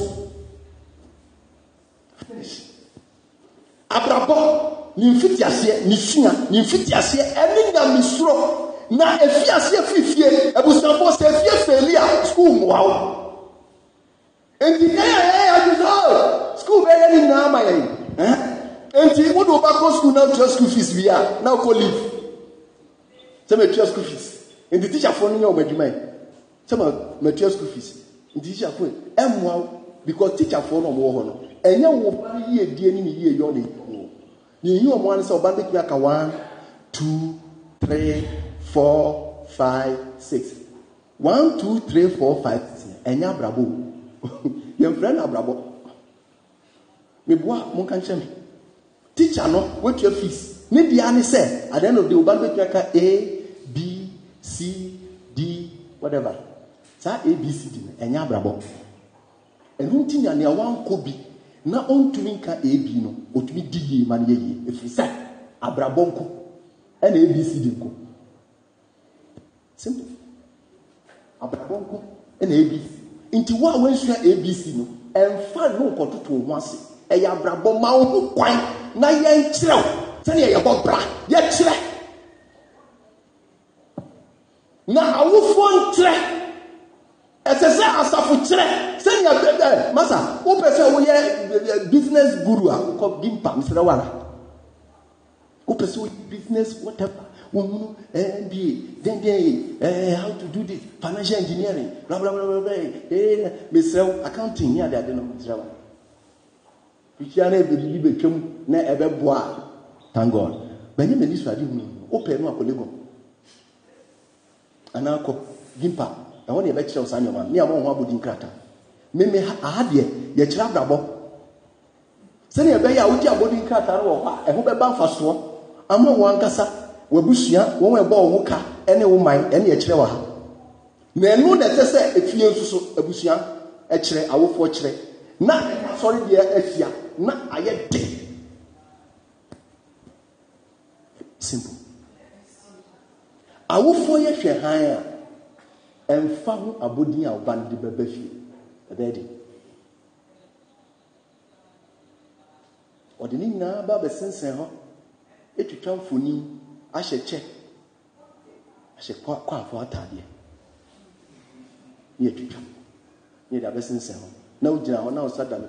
abrabɔ ne mfitiaseɛ ne sua ne mfitiaseɛ ne nyamesuro na efiase efifie ebusanfo sɛ efie fɛli a sukuu mmoa wo nti ɛyɛ ɛyɛ adwuma o sukuu bɛyɛ ne nyinaa ma yɛn nti wode wobakɔ sukuu na wotua sukuu fees wie a na wokɔ leave sɛ matua sukuu fees nti tikyafoɔ no nyɛ wɔn adwuma yi sɛ matua sukuu fees nti tikyafoɔ yi ɛmmoa wo because tikyafoɔ no ɔmowɔ hɔ no ɛnyɛ wo ba yie die ne ne yie yɛ ɔne yie ne yie ɔmo ano sɛ ɔba no bɛtumi aka one two three four five six one two three four five ɛnyɛ abrabɔ o yɛn fira no abrabɔ mebua monka nkyɛ me teacher no watua fees ne deɛ ne sɛ at the end of the day oba no bɛtua ka a b c d whatever saa a b c d no ɛnyɛ abrabɔ ɛno nti na nea wankɔ bi na ɔntumi nka a b no ɔtumi di yie ma no yɛ yie ɛfiri sɛ abrabɔ nko ɛna a b c d nko simple abrabɔ nko ɛna a b nti wo a wansua a b c no ɛmfa no nkɔtoto wo ho ase ɛyɛ abrabɔ ma wo ho kwan na yɛnkyerɛ wo sɛnea yɛbɔ bra yɛkyerɛ na awofoɔ nkyerɛ ɛsɛ sɛ asafo kyerɛ sɛnea bɛbɛ masa wopɛ sɛ woyɛ business guru a wokɔ bi mpam serɛ wo ara wopɛ sɛ woyɛ business whatever wohunu eh, mba dɛndɛn eh, how to do this financial engineering bla bla bla bla bla eh, accounting ne adeade no mesrɛ wo Ichia na ebirili betwam na ebe a thank god bɛnyɛ mɛ nisu adi mu opɛ no akɔ lagos anaa gimpa ɛhɔ na yɛbɛkyerɛw saa nneɛma ne ama ho abɔdi mmemme aha deɛ abrabɔ sani a wogye abɔdi nkrataa wɔ hɔ a ɛho ama wɔn ankasa wɔn ɛbɔ wɔn ka wɔn man na na ɛsɛ sɛ efie nso abusua awofoɔ kyerɛ na na ayɛ de simple awofoɔ yɛ hwɛ han a ɛmfa ho abodin a ɔba no de bɛba fie ɛbɛyɛ de ɔde ne nyinaa ba abɛsensɛn hɔ etwitwa mfonin ahyɛ kyɛ ahyɛ kwaafo ataadeɛ ne yɛtwitwa ne yɛde abɛsensɛn hɔ na wogyina hɔ na wosa da ne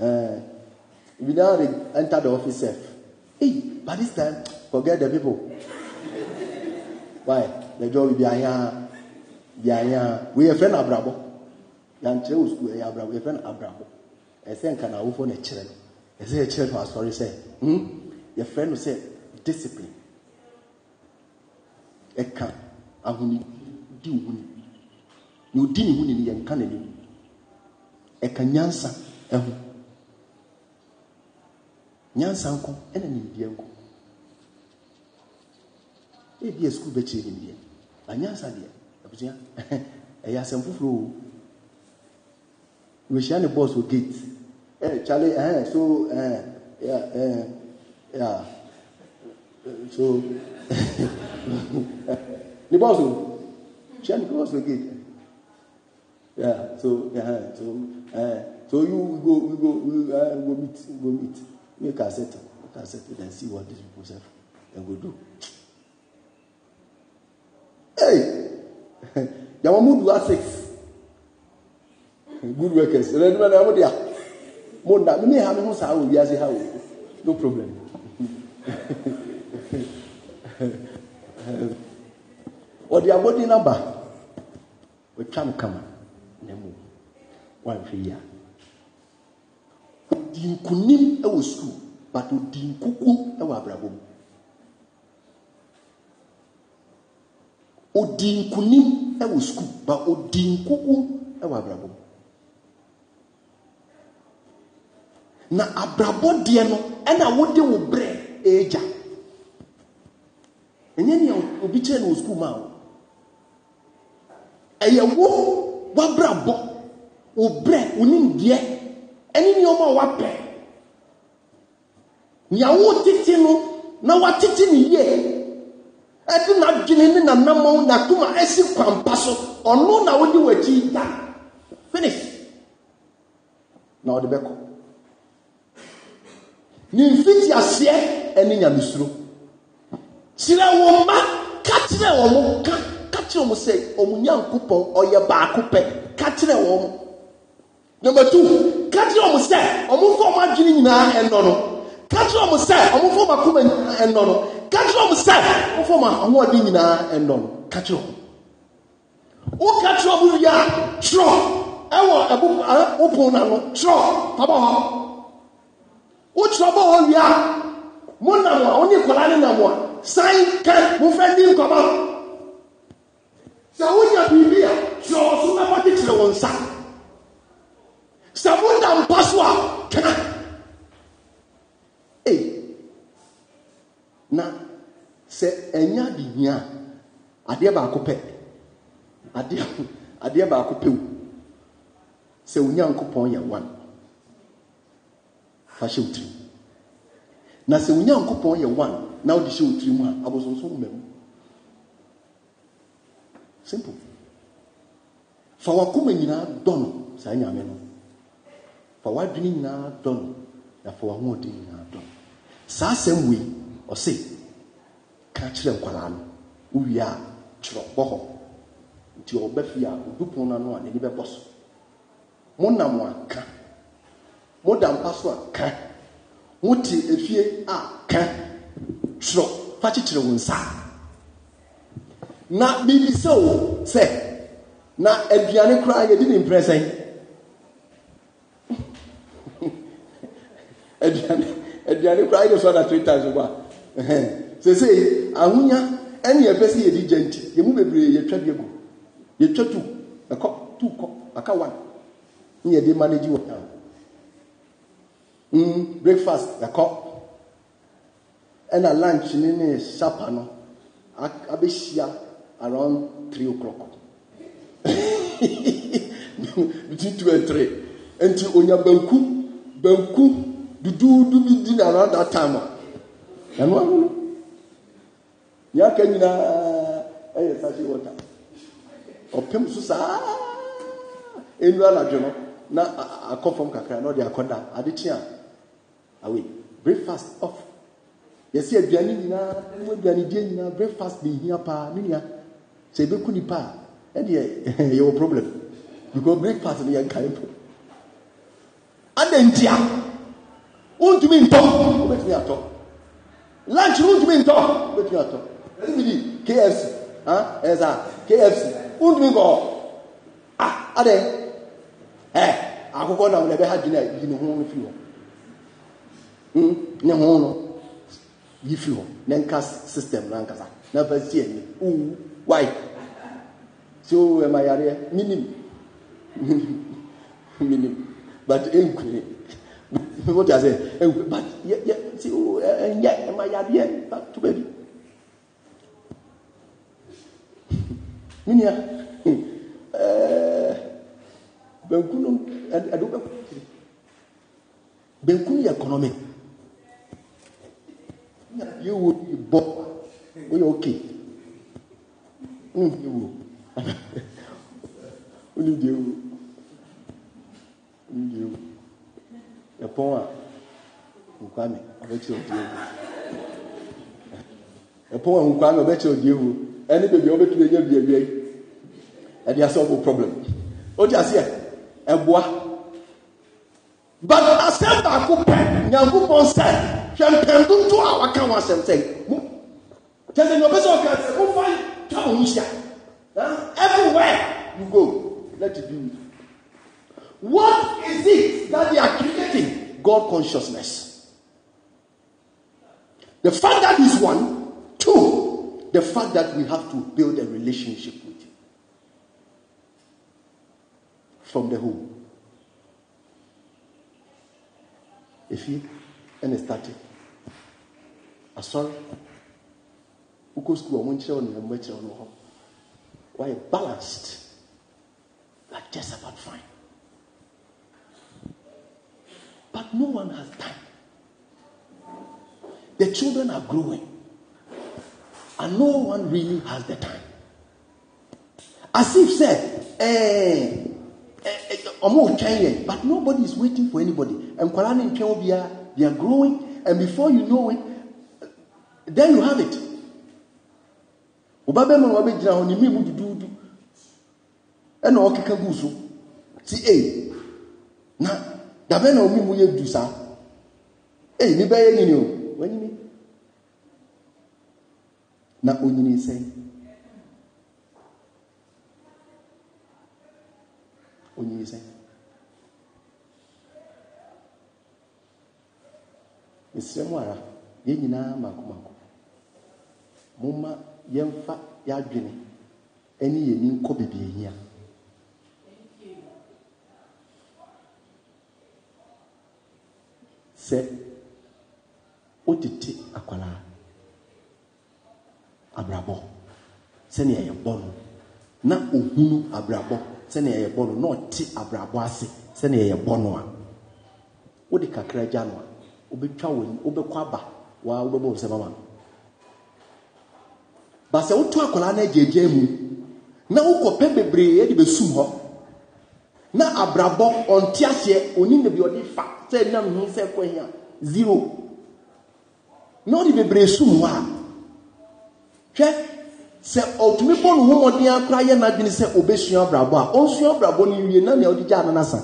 Uh, we now enter the office sef, Hey, by this time, forget the people. Why? The job will be here, be here. We a friend Abrabo. Yankyerɛ wɔ sukuu ɛyɛ abrabɔ yɛfrɛ no abrabɔ ɛsɛ nkanawofo na ɛkyerɛ no ɛsɛ ɛkyerɛ no asɔre sɛ hmm yɛfrɛ no sɛ discipline ɛka ahoni di wo ni na odi ne ho ni yɛnka n'anim nyansa nko ɛna nimdeɛ nko ebi yɛ sukuu bɛkyerɛ nimdeɛ na nyansa deɛ abusua ɛyɛ asɛm foforɔ o wɔhyia ne bɔs wɔ gate ɛɛ kyale ɛɛ so ɛɛ ɛɛ ɛɛ so ne bɔs o hyia ne bɔs wɔ gate ɛɛ so ɛɛ so ɛɛ so you go you go you go meet you go meet. Make us settle. Make set, settle and see what these people say. And we do. Hey! Yamamudu are six. Good workers. Munda, me have no sound. Yes, how? No problem. Or the body number. We come, come. No more. One free year ɔdi nkunim wɔ sukuu but ɔdi nkuku wɔ abrabɔ mu ɔdi nkunim wɔ sukuu but ɔdi nkuku wɔ abrabɔ mu na abrabɔ deɛ no ɛna wode wo brɛ ɛregya ɛnyɛ nea obi kyerɛ no wɔ sukuu mu a wo ɛyɛ wo wabrabɔ wo brɛ wo nimdeɛ ɛne nneɛma a wapɛ nea wotete no na watete ne yie ɛde n'adwene ne n'anamaw n'akoma ɛsi kwampa so ɔno na wode w'akyi da finish na ɔde bɛkɔ ne mfiti aseɛ ɛne nyamesuro kyerɛ wɔn mma ka wɔn ka ka wɔn sɛ wɔn nyankopɔn ɔyɛ baako pɛ ka wɔn kyerɛ ɔmo sɛ ɔmo fɔ ɔmo adwene nyinaa ɛnɔ no ka kyerɛ ɔmo sɛ ɔmo fɔ ɔmo akoma ɛnɔ no ka kyerɛ ɔmo sɛ ɔmo fɔ ɔmo ahoɔden nyinaa ɛnɔ no ka kyerɛ ɔmo wo ka kyerɛ ɔmo wia kyerɛ ɛwɔ ɛbo ɛ wopon na no kyerɛ papa hɔ wo kyerɛ ɔmo hɔ wia mo nam a ɔne nkɔla ne nam a san kan mo fɛ di nkɔmɔ sɛ wonya biribi a kyerɛ ɔso na pati kyerɛ wɔn nsa sɛ moda mpa so na sɛ ɛnya de hia adeɛ baako pɛ adeɛ adeɛ baako pɛ o sɛ onyankopɔn yɛ one fa hyɛ wotiri na sɛ onyankopɔn yɛ one na wode hyɛ wotiri mu a abosonsom woma mu simple fa wakoma nyinaa dɔ no saa nyame no fa w'adwene nyinaa dɔ no na fa w'ahoɔden nyinaa dɔ no saa asɛm wei ɔse ka kyerɛ nkwadaa no wowie a twerɛ bɔ hɔ nti ɔba fie a odupon no ano a n'ani bɛbɔ so monam a ka da mpa so a ka mote efie a ka twerɛ fa kyekyere wo nsa na biribisɛ o sɛ na aduane koraa yɛdi ne mprɛ sɛn aduane koraa yɛ so ana three times wa sese ahonya ɛne yɛpɛ sɛ yɛdi gya nti yɛmu bebree yɛtwa bi egu yɛtwa tu ɛkɔ tu kɔ aka one ne yɛde manage wɔ town mm breakfast ɛkɔ ɛna lunch ne ne supper no abɛhyia around three o'clock between two and three nti onyabanku banku. banku duduudu bi di na around that time a ɛno ano no nea aka nyinaa ɛyɛ sase wɔta ɔpem so saa enura anadwo no na akɔ fam kakra na ɔde akɔ da ade kyea awe breakfast off yɛsi aduane nyinaa ɛmu aduane die nyinaa breakfast de hia paa ne nua sɛ ebeku nipa a ɛdeɛ yɛwɔ problem because breakfast no yɛn ka yɛn po adantia. wontumi ntɔ wobɛtumi atɔ lunch no wontumi ntɔ wobɛtumi atɔ wobidi kfc ɛyɛ saa kfc wontumi nkɔ a ah adɛ ɛ akokɔ nam na ɛbɛha gyina yi ne ho no firi hɔ ne ho no yi firi hɔ na nka system na nkasa na fa si ani owu wai so ɛma yareɛ minim minim but ɛnkure what I say, but yeah, yeah, see, oh, uh, uh yeah, my yeah, but too baby. Minya, eh, Benkunu, I don't know. Benkunu economy. You will be bought. We okay. Hmm, you will. You will. You will ɛpɔn a nkwame ɔbɛkyerɛ ɔdi ewu ɛpɔn a nkwame ɔbɛkyerɛ ɔdi ewu ɛne beebi ɔbɛtumi enya biabia yi ɛde asɛ ɔbɔ problem ɔdi aseɛ ɛboa but asɛm baako pɛ nyankopɔn sɛ hwɛ mpɛn dodo a waka wɔn asɛm sɛ mu kyɛnse na ɔbɛ sɛ ɔka sɛ ɔfa twa wɔn hyia everywhere you go let it be What is it that they are creating? God consciousness. The fact that is one, two, the fact that we have to build a relationship with Him from the home. If you and it started. Asɔre, wokɔ a wɔn kyerɛ wɔn nneɛma kyerɛ Why balanced. Like just about fine. But no one has time. The children are growing, and no one really has the time. As if said, eh, ọmọ eh, eh, twɛn but nobody is waiting for anybody nkwadaa ne ntwɛn biara they are growing and before you know it then you have it ọba bẹẹ mọ na ọba bẹ gyina hɔ ne mímu da bɛn na omi mu yɛ du saa ee ni bɛyɛ nyini o wanyini na onyini sɛn onyini sɛn esrɛ mu ara yɛn nyinaa mako mako mo ma yɛn fa yɛ adwene ɛne yɛn ni nkɔ bebree yia. sɛ wotete akwaraa abrabɔ sɛnea yɛbɔ no na ohunu abrabɔ sɛnea yɛbɔ no na ɔte abrabɔ ase sɛnea yɛbɔ no a wode kakra gya no a wobɛtwa wɔ wobɛkɔ aba waa wobɛbɔ wo sɛ mama no ba sɛ woto akwaraa no agyaagyaa mu na wokɔpɛ bebree yɛde bɛsum hɔ na abrabɔ ɔnte aseɛ ɔde fa sɛnam ho sɛ kwan zero na ɔde bebree sum hɔ a hwɛ sɛ ɔtumi bɔ ne ho mmɔden akora yɛ n'adwene sɛ ɔbɛsua abrabɔ a ɔnsua abrabɔ no wie na nea ɔde gya ananasa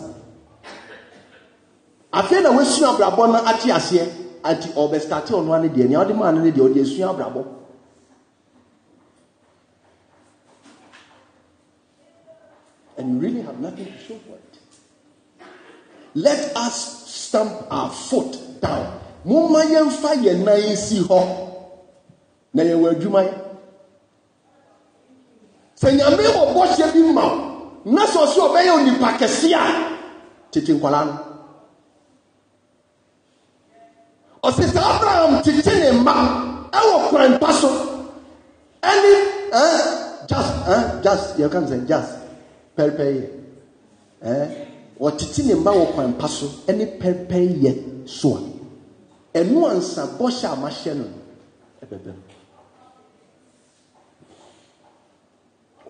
afei na wasua abrabɔ no ate aseɛ ati ɔbɛstate ɔno ano deɛ nea ɔde maa no no deɛ ɔde asua abrabɔ and you really have nothing to show for it let us stamp our foot down momma yɛmfa yɛn nan nsi hɔ na yɛwɔ adwuma yɛ sɛ nyame wɔ bɔhyɛ bi ma wo na sɛ ɔsɛ ɔbɛyɛ onipa kɛse a tete nkwalaa no ɔsɛ sɛ abraham tete ne mma ɛwɔ kurampa so ɛne ɛɛ jas ɛɛ jas yɛ kan sɛ jas pɛrɛpɛrɛ yɛ ɛɛ wɔtete ne mma wɔ kwan pa so ne pɛpɛyɛ so a ɛno ansa bɔhyɛ a mahyɛ no bɛbɛm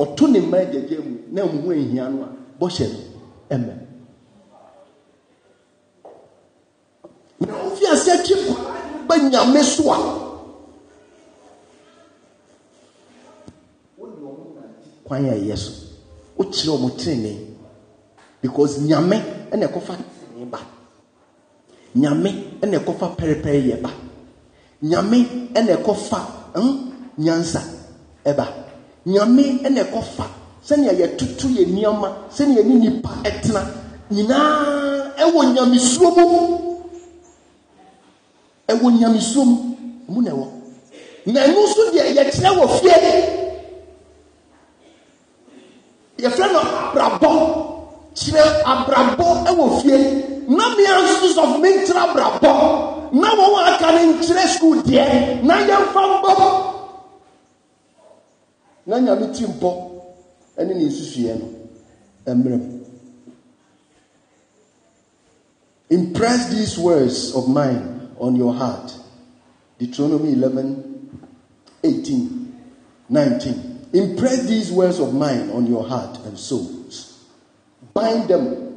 ɔto ne mma agyagya mu na mu ho ahia no a bɔhyɛ no mɛ na ofi ase atwi nkwadaa ba nyame so a wɔn kwan a ɛyɛ so wokyerɛ wɔn tenenee because nyame ɛna ɛkɔfa tene ba nyame ɛna ɛkɔfa pɛrɛpɛrɛ yɛ ba nyame ɛna ɛkɔfa hmm, nyansa ɛba nyame ɛna ɛkɔfa sɛnea yɛtutu yɛ nneɛma sɛnea yɛ ne nipa ɛtena nyinaa ɛwɔ nyamesuo mu ɛwɔ nyamesuo mu mu na ɛwɔ na ɛnu nso deɛ yɛkyerɛ wɔ fie yɛfrɛ no abrabɔ kyerɛ abrabɔ wɔ fie na mmea nso sɔ me nkyerɛ abrabɔ na wɔn a aka no nkyerɛ sukuu deɛ na yɛmfa mbɔ na nyame ti mpɔ ne ne nsusuiɛ no mmerɛ mu impress these words of mine on your heart deuteronomy 11 18 19 impress these words of mine on your heart and soul Bind them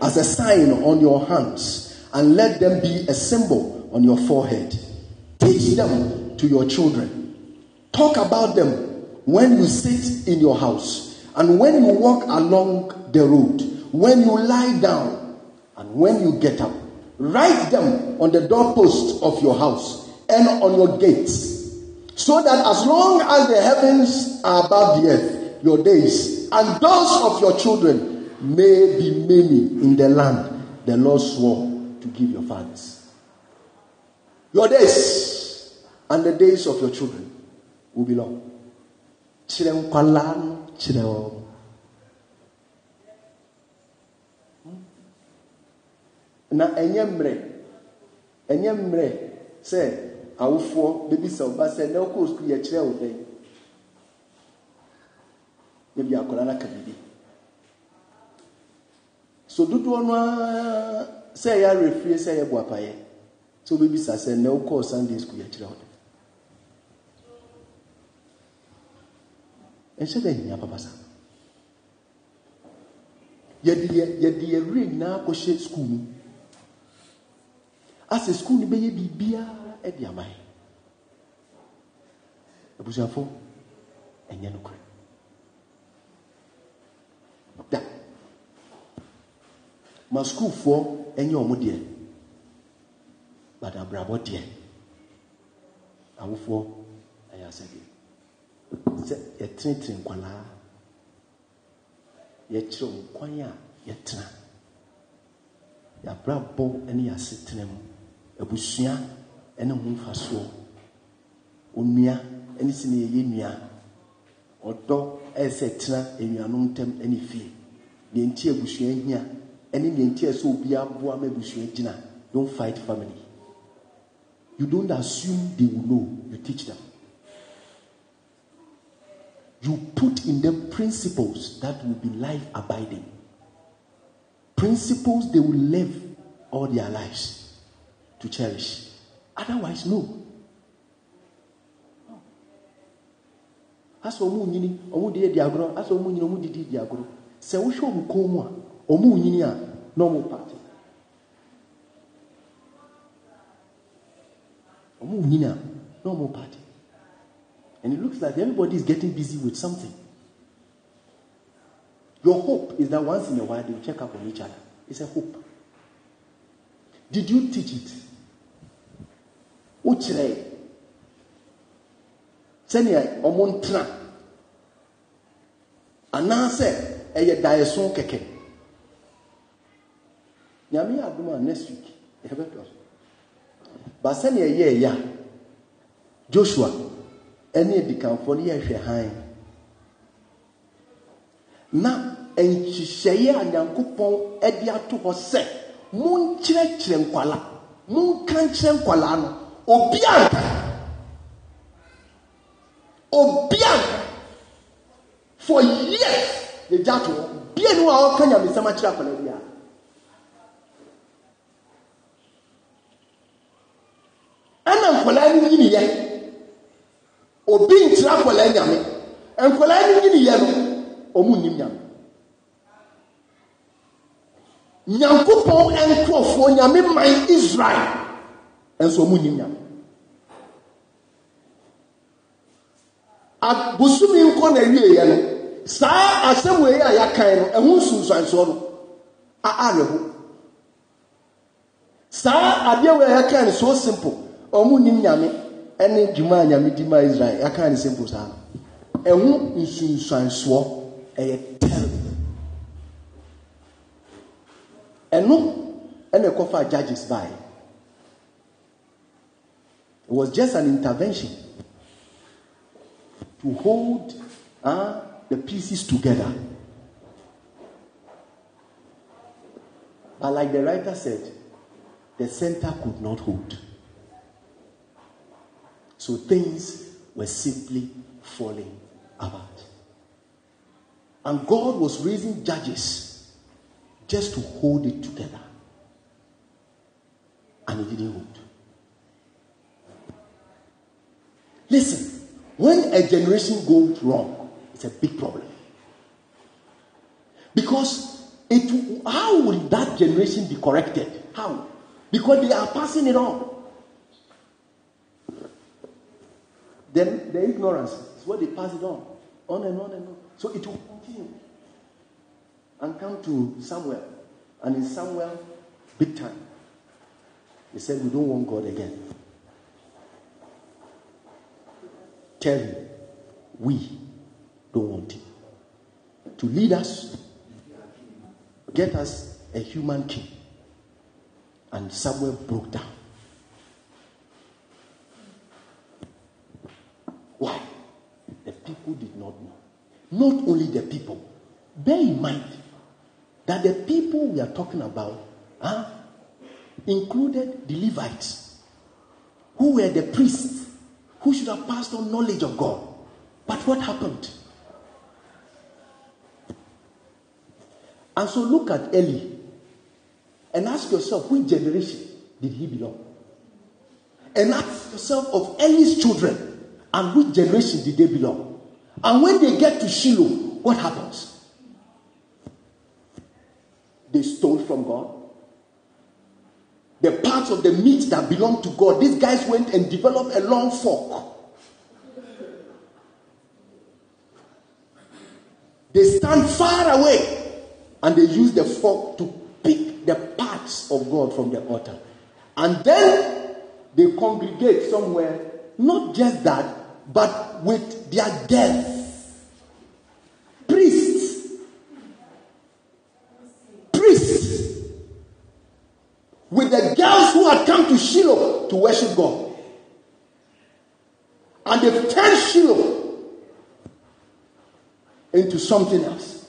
as a sign on your hands and let them be a symbol on your forehead. Teach them to your children. Talk about them when you sit in your house and when you walk along the road, when you lie down and when you get up. Write them on the doorpost of your house and on your gates so that as long as the heavens are above the earth, your days and those of your children may be many in the land the Lord swore to give your fathers. Your days and the days of your children will be long. na ɛnyɛ mmerɛ ɛnyɛ mmerɛ sɛ awofoɔ beebi sɛ ɔba sɛ na ɔkɔ sukuu yɛkyerɛ wo dɛ ebi akwadaa n'aka bibi so dodoɔ no ara sɛ ɛyɛ arefie sɛ ɛyɛ boapaeɛ sɛ wobɛbisa sɛ nnɛ wokɔɔ sunday school yɛkyerɛ wo de ɛnhyɛ dɛ hia papasa yɛde yɛ yɛde yɛ werɛ nyinaa kɔhyɛ school mu asɛ school no bɛyɛ biribiara ɛde ama abusuafo ɛnyɛ nokorɛ da ma sukuufoɔ nyɛ wɔn deɛ but abrabɔ deɛ awofoɔ ɛyɛ asɛdeɛ sɛ yɛtenetene nkwadaa yɛkyerɛ wɔn kwan a yɛtena yɛabrabɔ ne yɛasetena mu abusua ne ho mfasoɔ onua ne si na yɛyɛ nua ɔdɔ ɛyɛ sɛ tena nnuanom ntam ne fie deɛ nti abusua hia ɛne deɛ nti ɛsɛ obi aboa ma abusua gyina don't fight family you don't assume they will know you teach them you put in them principles that will be life abiding principles they will live all their lives to cherish otherwise no asɛ ɔmo nyini ɔmo deɛ di agorɔ asɛ ɔmo nyini ɔmo didi di agorɔ sɛ wohwɛ ɔmo kɔn mu a Omu nyini a party nyini a party and it looks like everybody is getting busy with something your hope is that once in a while they will check up on each other it's a hope did you teach it wokyerɛ Senye ɔmo ntena anaasɛ ɛyɛ daeso keke. nyame yɛ adom a next week yɛbɛtɔ so ba sɛnea ɛyɛ joshua ɛne adikanfoɔ no yɛhwɛ han na nhyehyɛeɛ a nyankopɔn de ato hɔ sɛ monkyerɛkyerɛ nkwala monka nkyerɛ nkwala no obiara obiara for years yɛgya to hɔ bia ne a ɔka nyamesɛm akyerɛ akwala biara nkwadaa no nyiniyɛ obi nkyerɛ akwadaa nyame nkwadaa no nyiniyɛ no wɔn nnim nyame nyankopɔn nkurɔfoɔ nyame man israel nso wɔn nnim nyame abosumi nkɔ na awie yɛ no saa asɛm wei a yɛakan no ɛho nsunsuansoɔ no aa ne ho saa adeɛ wei a yɛakan no so simple ɔmo nim nyame ɛne dwuma a nyame di ma israel yɛaka ne sɛ mpo saa no ɛho nsunsuansoɔ ɛyɛ terrible ɛno ɛna ɛkɔfa judges by it was just an intervention to hold uh, the pieces together. But like the writer said, the center could not hold. So things were simply falling apart. And God was raising judges just to hold it together. And it didn't hold. Listen, when a generation goes wrong, it's a big problem. Because it, how will that generation be corrected? How? Because they are passing it on. Then the ignorance is what they pass it on, on and on and on. So it will continue and come to somewhere, And in Samuel, big time, they said, We don't want God again. Tell him, we don't want him to lead us, get us a human king. And Samuel broke down. people did not know. Not only the people. Bear in mind that the people we are talking about huh, included the Levites, who were the priests, who should have passed on knowledge of God. But what happened? And so look at Eli and ask yourself which generation did he belong? And ask yourself of Eli's children and which generation did they belong? And when they get to Shiloh, what happens? They stole from God. The parts of the meat that belonged to God, these guys went and developed a long fork. They stand far away and they use the fork to pick the parts of God from the altar. And then they congregate somewhere, not just that, but with their death. Priests. Priests. With the girls who had come to Shiloh to worship God. And they've turned Shiloh into something else.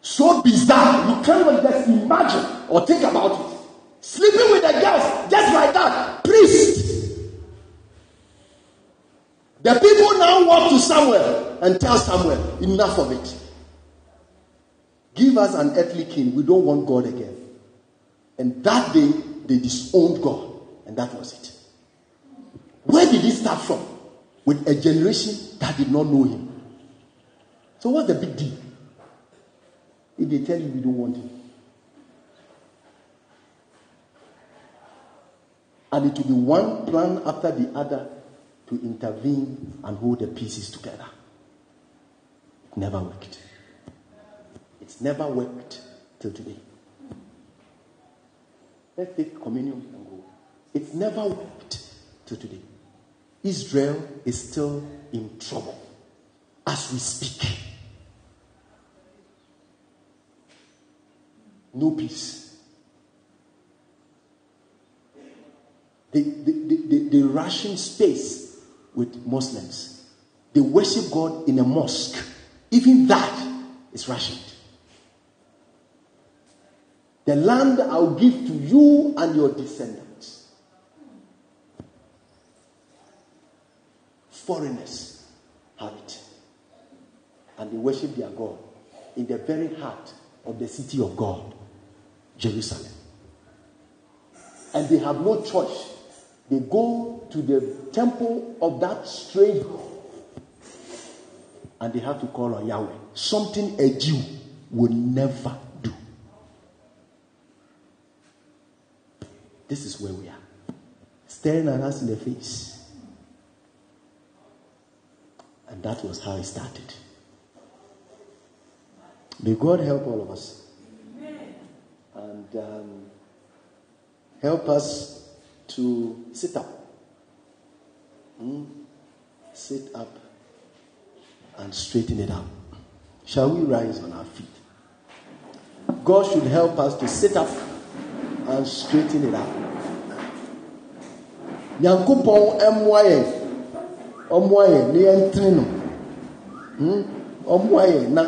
So bizarre, you can't even just imagine or think about it. Sleeping with the girls just like that, The people now walk to Samuel and tell Samuel, enough of it. Give us an earthly king. We don't want God again. And that day, they disowned God. And that was it. Where did it start from? With a generation that did not know him. So, what's the big deal? If they tell you we don't want him, and it will be one plan after the other to intervene and hold the pieces together. It never worked. It's never worked till today. Let's take communion and go. It's never worked till today. Israel is still in trouble as we speak. No peace. The the the the they space with Muslims. They worship God in a mosque. Even that is rationed. The land I'll give to you and your descendants. Foreigners have it. And they worship their God in the very heart of the city of God, Jerusalem. And they have no choice they go to the temple of that strange and they have to call on Yahweh. Something a Jew would never do. This is where we are. Staring at us in the face. And that was how it started. May God help all of us. And um, help us to sit up. Hmm? Sit up and straighten it up. Shall we rise on our feet? God should help us to sit up and straighten it up. nyankopɔn ɛmoa yɛ ɔmoa yɛ ne yɛntene no hmm? ɔmoa na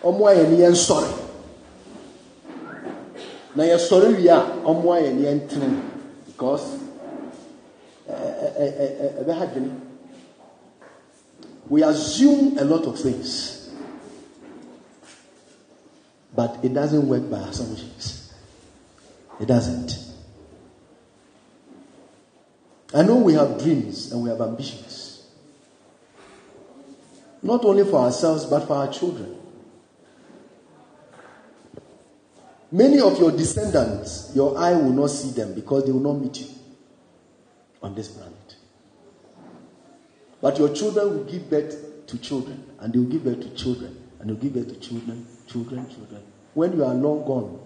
ɔmoa yɛ ne yɛnsɔre na yɛsɔre wie a ɔmoa yɛ no because eh, eh, eh, we assume a lot of things, but it doesn't work by assumptions. It doesn't. I know we have dreams and we have ambitions, not only for ourselves, but for our children. Many of your descendants, your eye will not see them because they will not meet you on this planet. But your children will give birth to children, and they will give birth to children, and they will give birth to children, children, children. When you are long gone,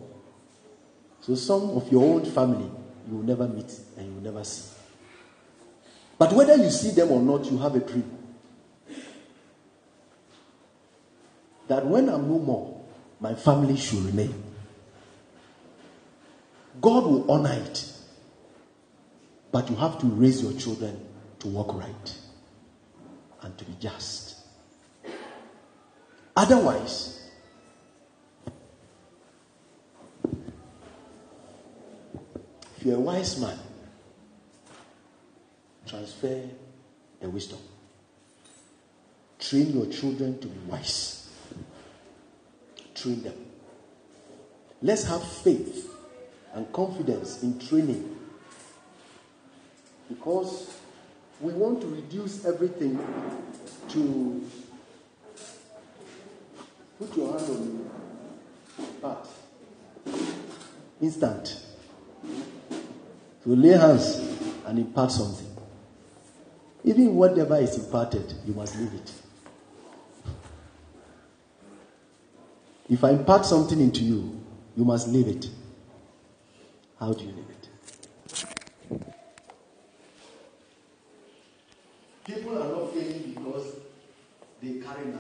so some of your own family you will never meet and you will never see. But whether you see them or not, you have a dream. That when I'm no more, my family should remain. God will honor it. But you have to raise your children to walk right and to be just. Otherwise, if you're a wise man, transfer the wisdom. Train your children to be wise. Train them. Let's have faith and confidence in training. Because we want to reduce everything to put your hand on your heart. Instant. to lay hands and impart something. Even whatever is imparted, you must leave it. If I impart something into you, you must leave it. How do you live it? People are not failing because they carry nothing.